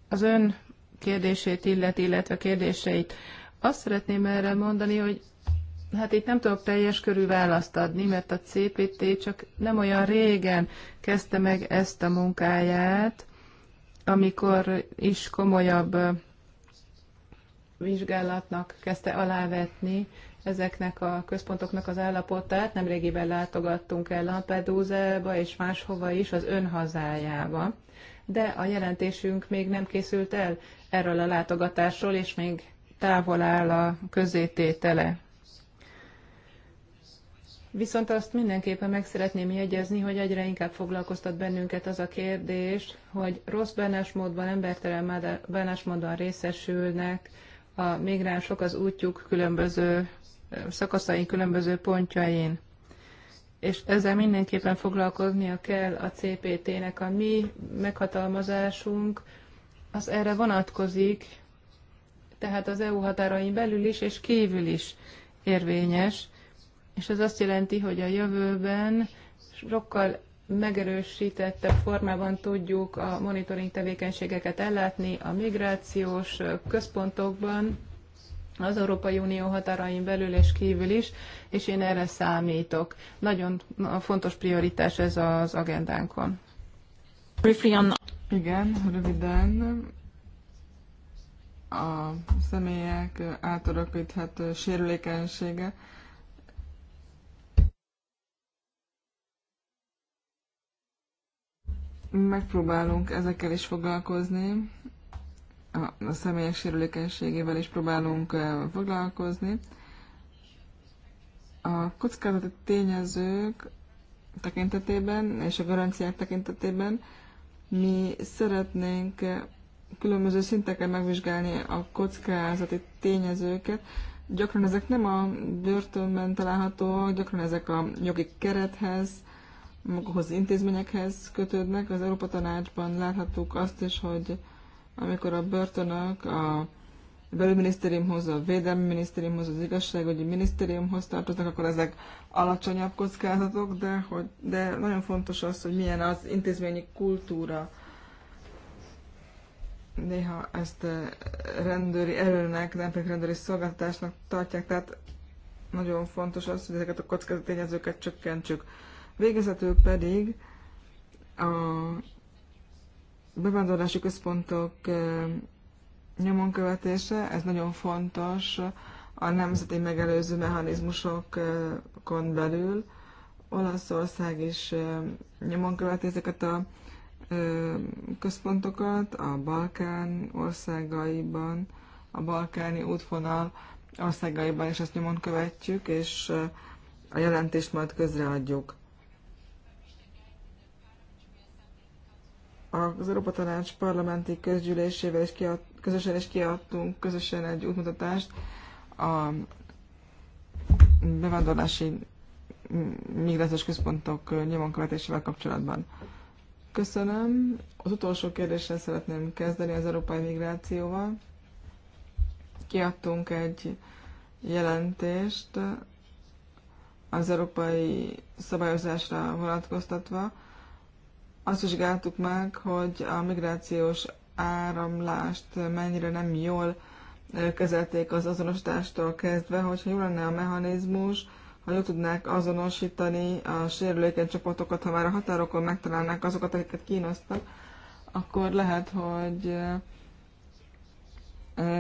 Speaker 2: az ön kérdését illeti, illetve kérdéseit, azt szeretném erre mondani, hogy Hát itt nem tudok teljes körű választ adni, mert a CPT csak nem olyan régen kezdte meg ezt a munkáját, amikor is komolyabb vizsgálatnak kezdte alávetni ezeknek a központoknak az állapotát. Nemrégiben látogattunk el Lampedúzába és máshova is, az ön hazájába. De a jelentésünk még nem készült el erről a látogatásról, és még távol áll a közététele Viszont azt mindenképpen meg szeretném jegyezni, hogy egyre inkább foglalkoztat bennünket az a kérdés, hogy rossz bánásmódban, embertelen bánásmódban részesülnek a migránsok az útjuk különböző szakaszain, különböző pontjain. És ezzel mindenképpen foglalkoznia kell a CPT-nek. A mi meghatalmazásunk az erre vonatkozik, tehát az EU határain belül is és kívül is érvényes és ez azt jelenti, hogy a jövőben sokkal megerősítettebb formában tudjuk a monitoring tevékenységeket ellátni a migrációs központokban, az Európai Unió határain belül és kívül is, és én erre számítok. Nagyon fontos prioritás ez az agendánkon. Igen, röviden
Speaker 3: a személyek átalakítható sérülékenysége megpróbálunk ezekkel is foglalkozni, a, a személyek sérülékenységével is próbálunk foglalkozni. A kockázati tényezők tekintetében és a garanciák tekintetében mi szeretnénk különböző szinteken megvizsgálni a kockázati tényezőket. Gyakran ezek nem a börtönben találhatóak, gyakran ezek a jogi kerethez, magukhoz intézményekhez kötődnek. Az Európa Tanácsban láthattuk azt is, hogy amikor a börtönök a belügyminisztériumhoz, a védelmi minisztériumhoz, az igazságügyi minisztériumhoz tartoznak, akkor ezek alacsonyabb kockázatok, de, hogy, de nagyon fontos az, hogy milyen az intézményi kultúra. Néha ezt eh, rendőri erőnek, nem pedig rendőri szolgáltatásnak tartják, tehát nagyon fontos az, hogy ezeket a kockázatényezőket csökkentsük. Végezetül pedig a bevándorlási központok nyomon követése, ez nagyon fontos a nemzeti megelőző mechanizmusokon belül. Olaszország is nyomon követi ezeket a központokat a Balkán országaiban, a balkáni útvonal országaiban, és ezt nyomon követjük, és a jelentést majd közreadjuk. az Európa Tanács parlamenti közgyűlésével is kiad, közösen is kiadtunk közösen egy útmutatást a bevándorlási mm, migrációs központok nyomon követésével kapcsolatban. Köszönöm. Az utolsó kérdéssel szeretném kezdeni az európai migrációval. Kiadtunk egy jelentést az európai szabályozásra vonatkoztatva, azt vizsgáltuk meg, hogy a migrációs áramlást mennyire nem jól kezelték az azonosítástól kezdve, hogyha jól lenne a mechanizmus, ha jól tudnák azonosítani a sérülékeny csoportokat, ha már a határokon megtalálnák azokat, akiket kínosztak, akkor lehet, hogy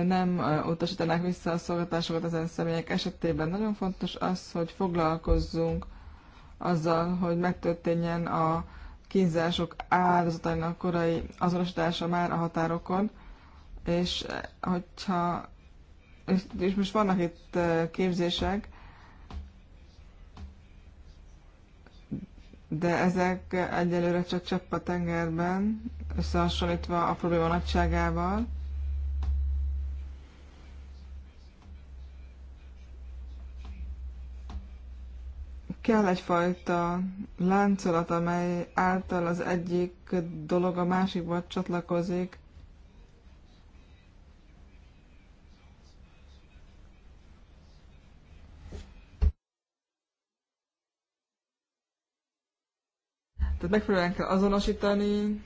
Speaker 3: nem utasítanák vissza a szolgáltatásokat ezen személyek esetében. Nagyon fontos az, hogy foglalkozzunk azzal, hogy megtörténjen a kínzások áldozatainak korai azonosítása már a határokon, és eh, hogyha és most vannak itt eh, képzések, de ezek egyelőre csak csepp a tengerben, összehasonlítva a probléma nagyságával. kell egyfajta láncolat, amely által az egyik dolog a másikba csatlakozik. Tehát megfelelően kell azonosítani,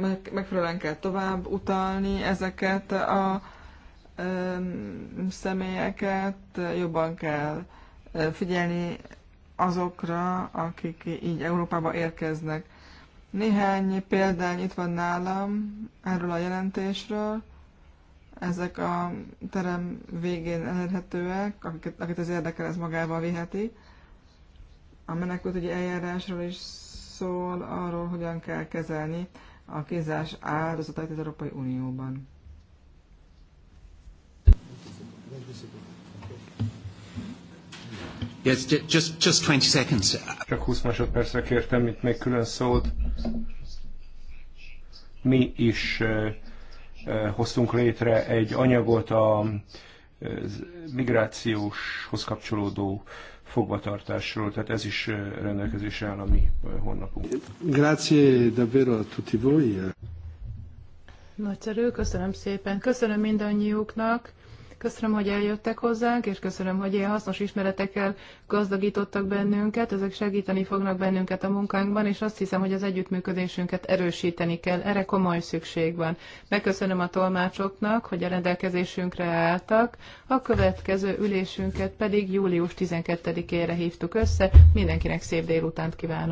Speaker 3: meg, megfelelően kell tovább utalni ezeket a ö, személyeket, jobban kell figyelni azokra, akik így Európába érkeznek. Néhány példány itt van nálam erről a jelentésről. Ezek a terem végén elérhetőek, akiket, akit az érdekel, ez magával viheti. A ugye eljárásról is szól arról, hogyan kell kezelni a kézás áldozatait az Európai Unióban.
Speaker 1: Yes, just, just 20 seconds. Csak 20 másodpercre kértem mint még külön szót. Mi is hoztunk létre egy anyagot a migrációshoz kapcsolódó fogvatartásról, tehát ez is rendelkezésre áll a mi honlapunk. Grazie
Speaker 6: davvero a tutti voi.
Speaker 2: Nagyszerű, köszönöm szépen. Köszönöm mindannyiuknak Köszönöm, hogy eljöttek hozzánk, és köszönöm, hogy ilyen hasznos ismeretekkel gazdagítottak bennünket. Ezek segíteni fognak bennünket a munkánkban, és azt hiszem, hogy az együttműködésünket erősíteni kell. Erre komoly szükség van. Megköszönöm a tolmácsoknak, hogy a rendelkezésünkre álltak. A következő ülésünket pedig július 12-ére hívtuk össze. Mindenkinek szép délutánt kívánok!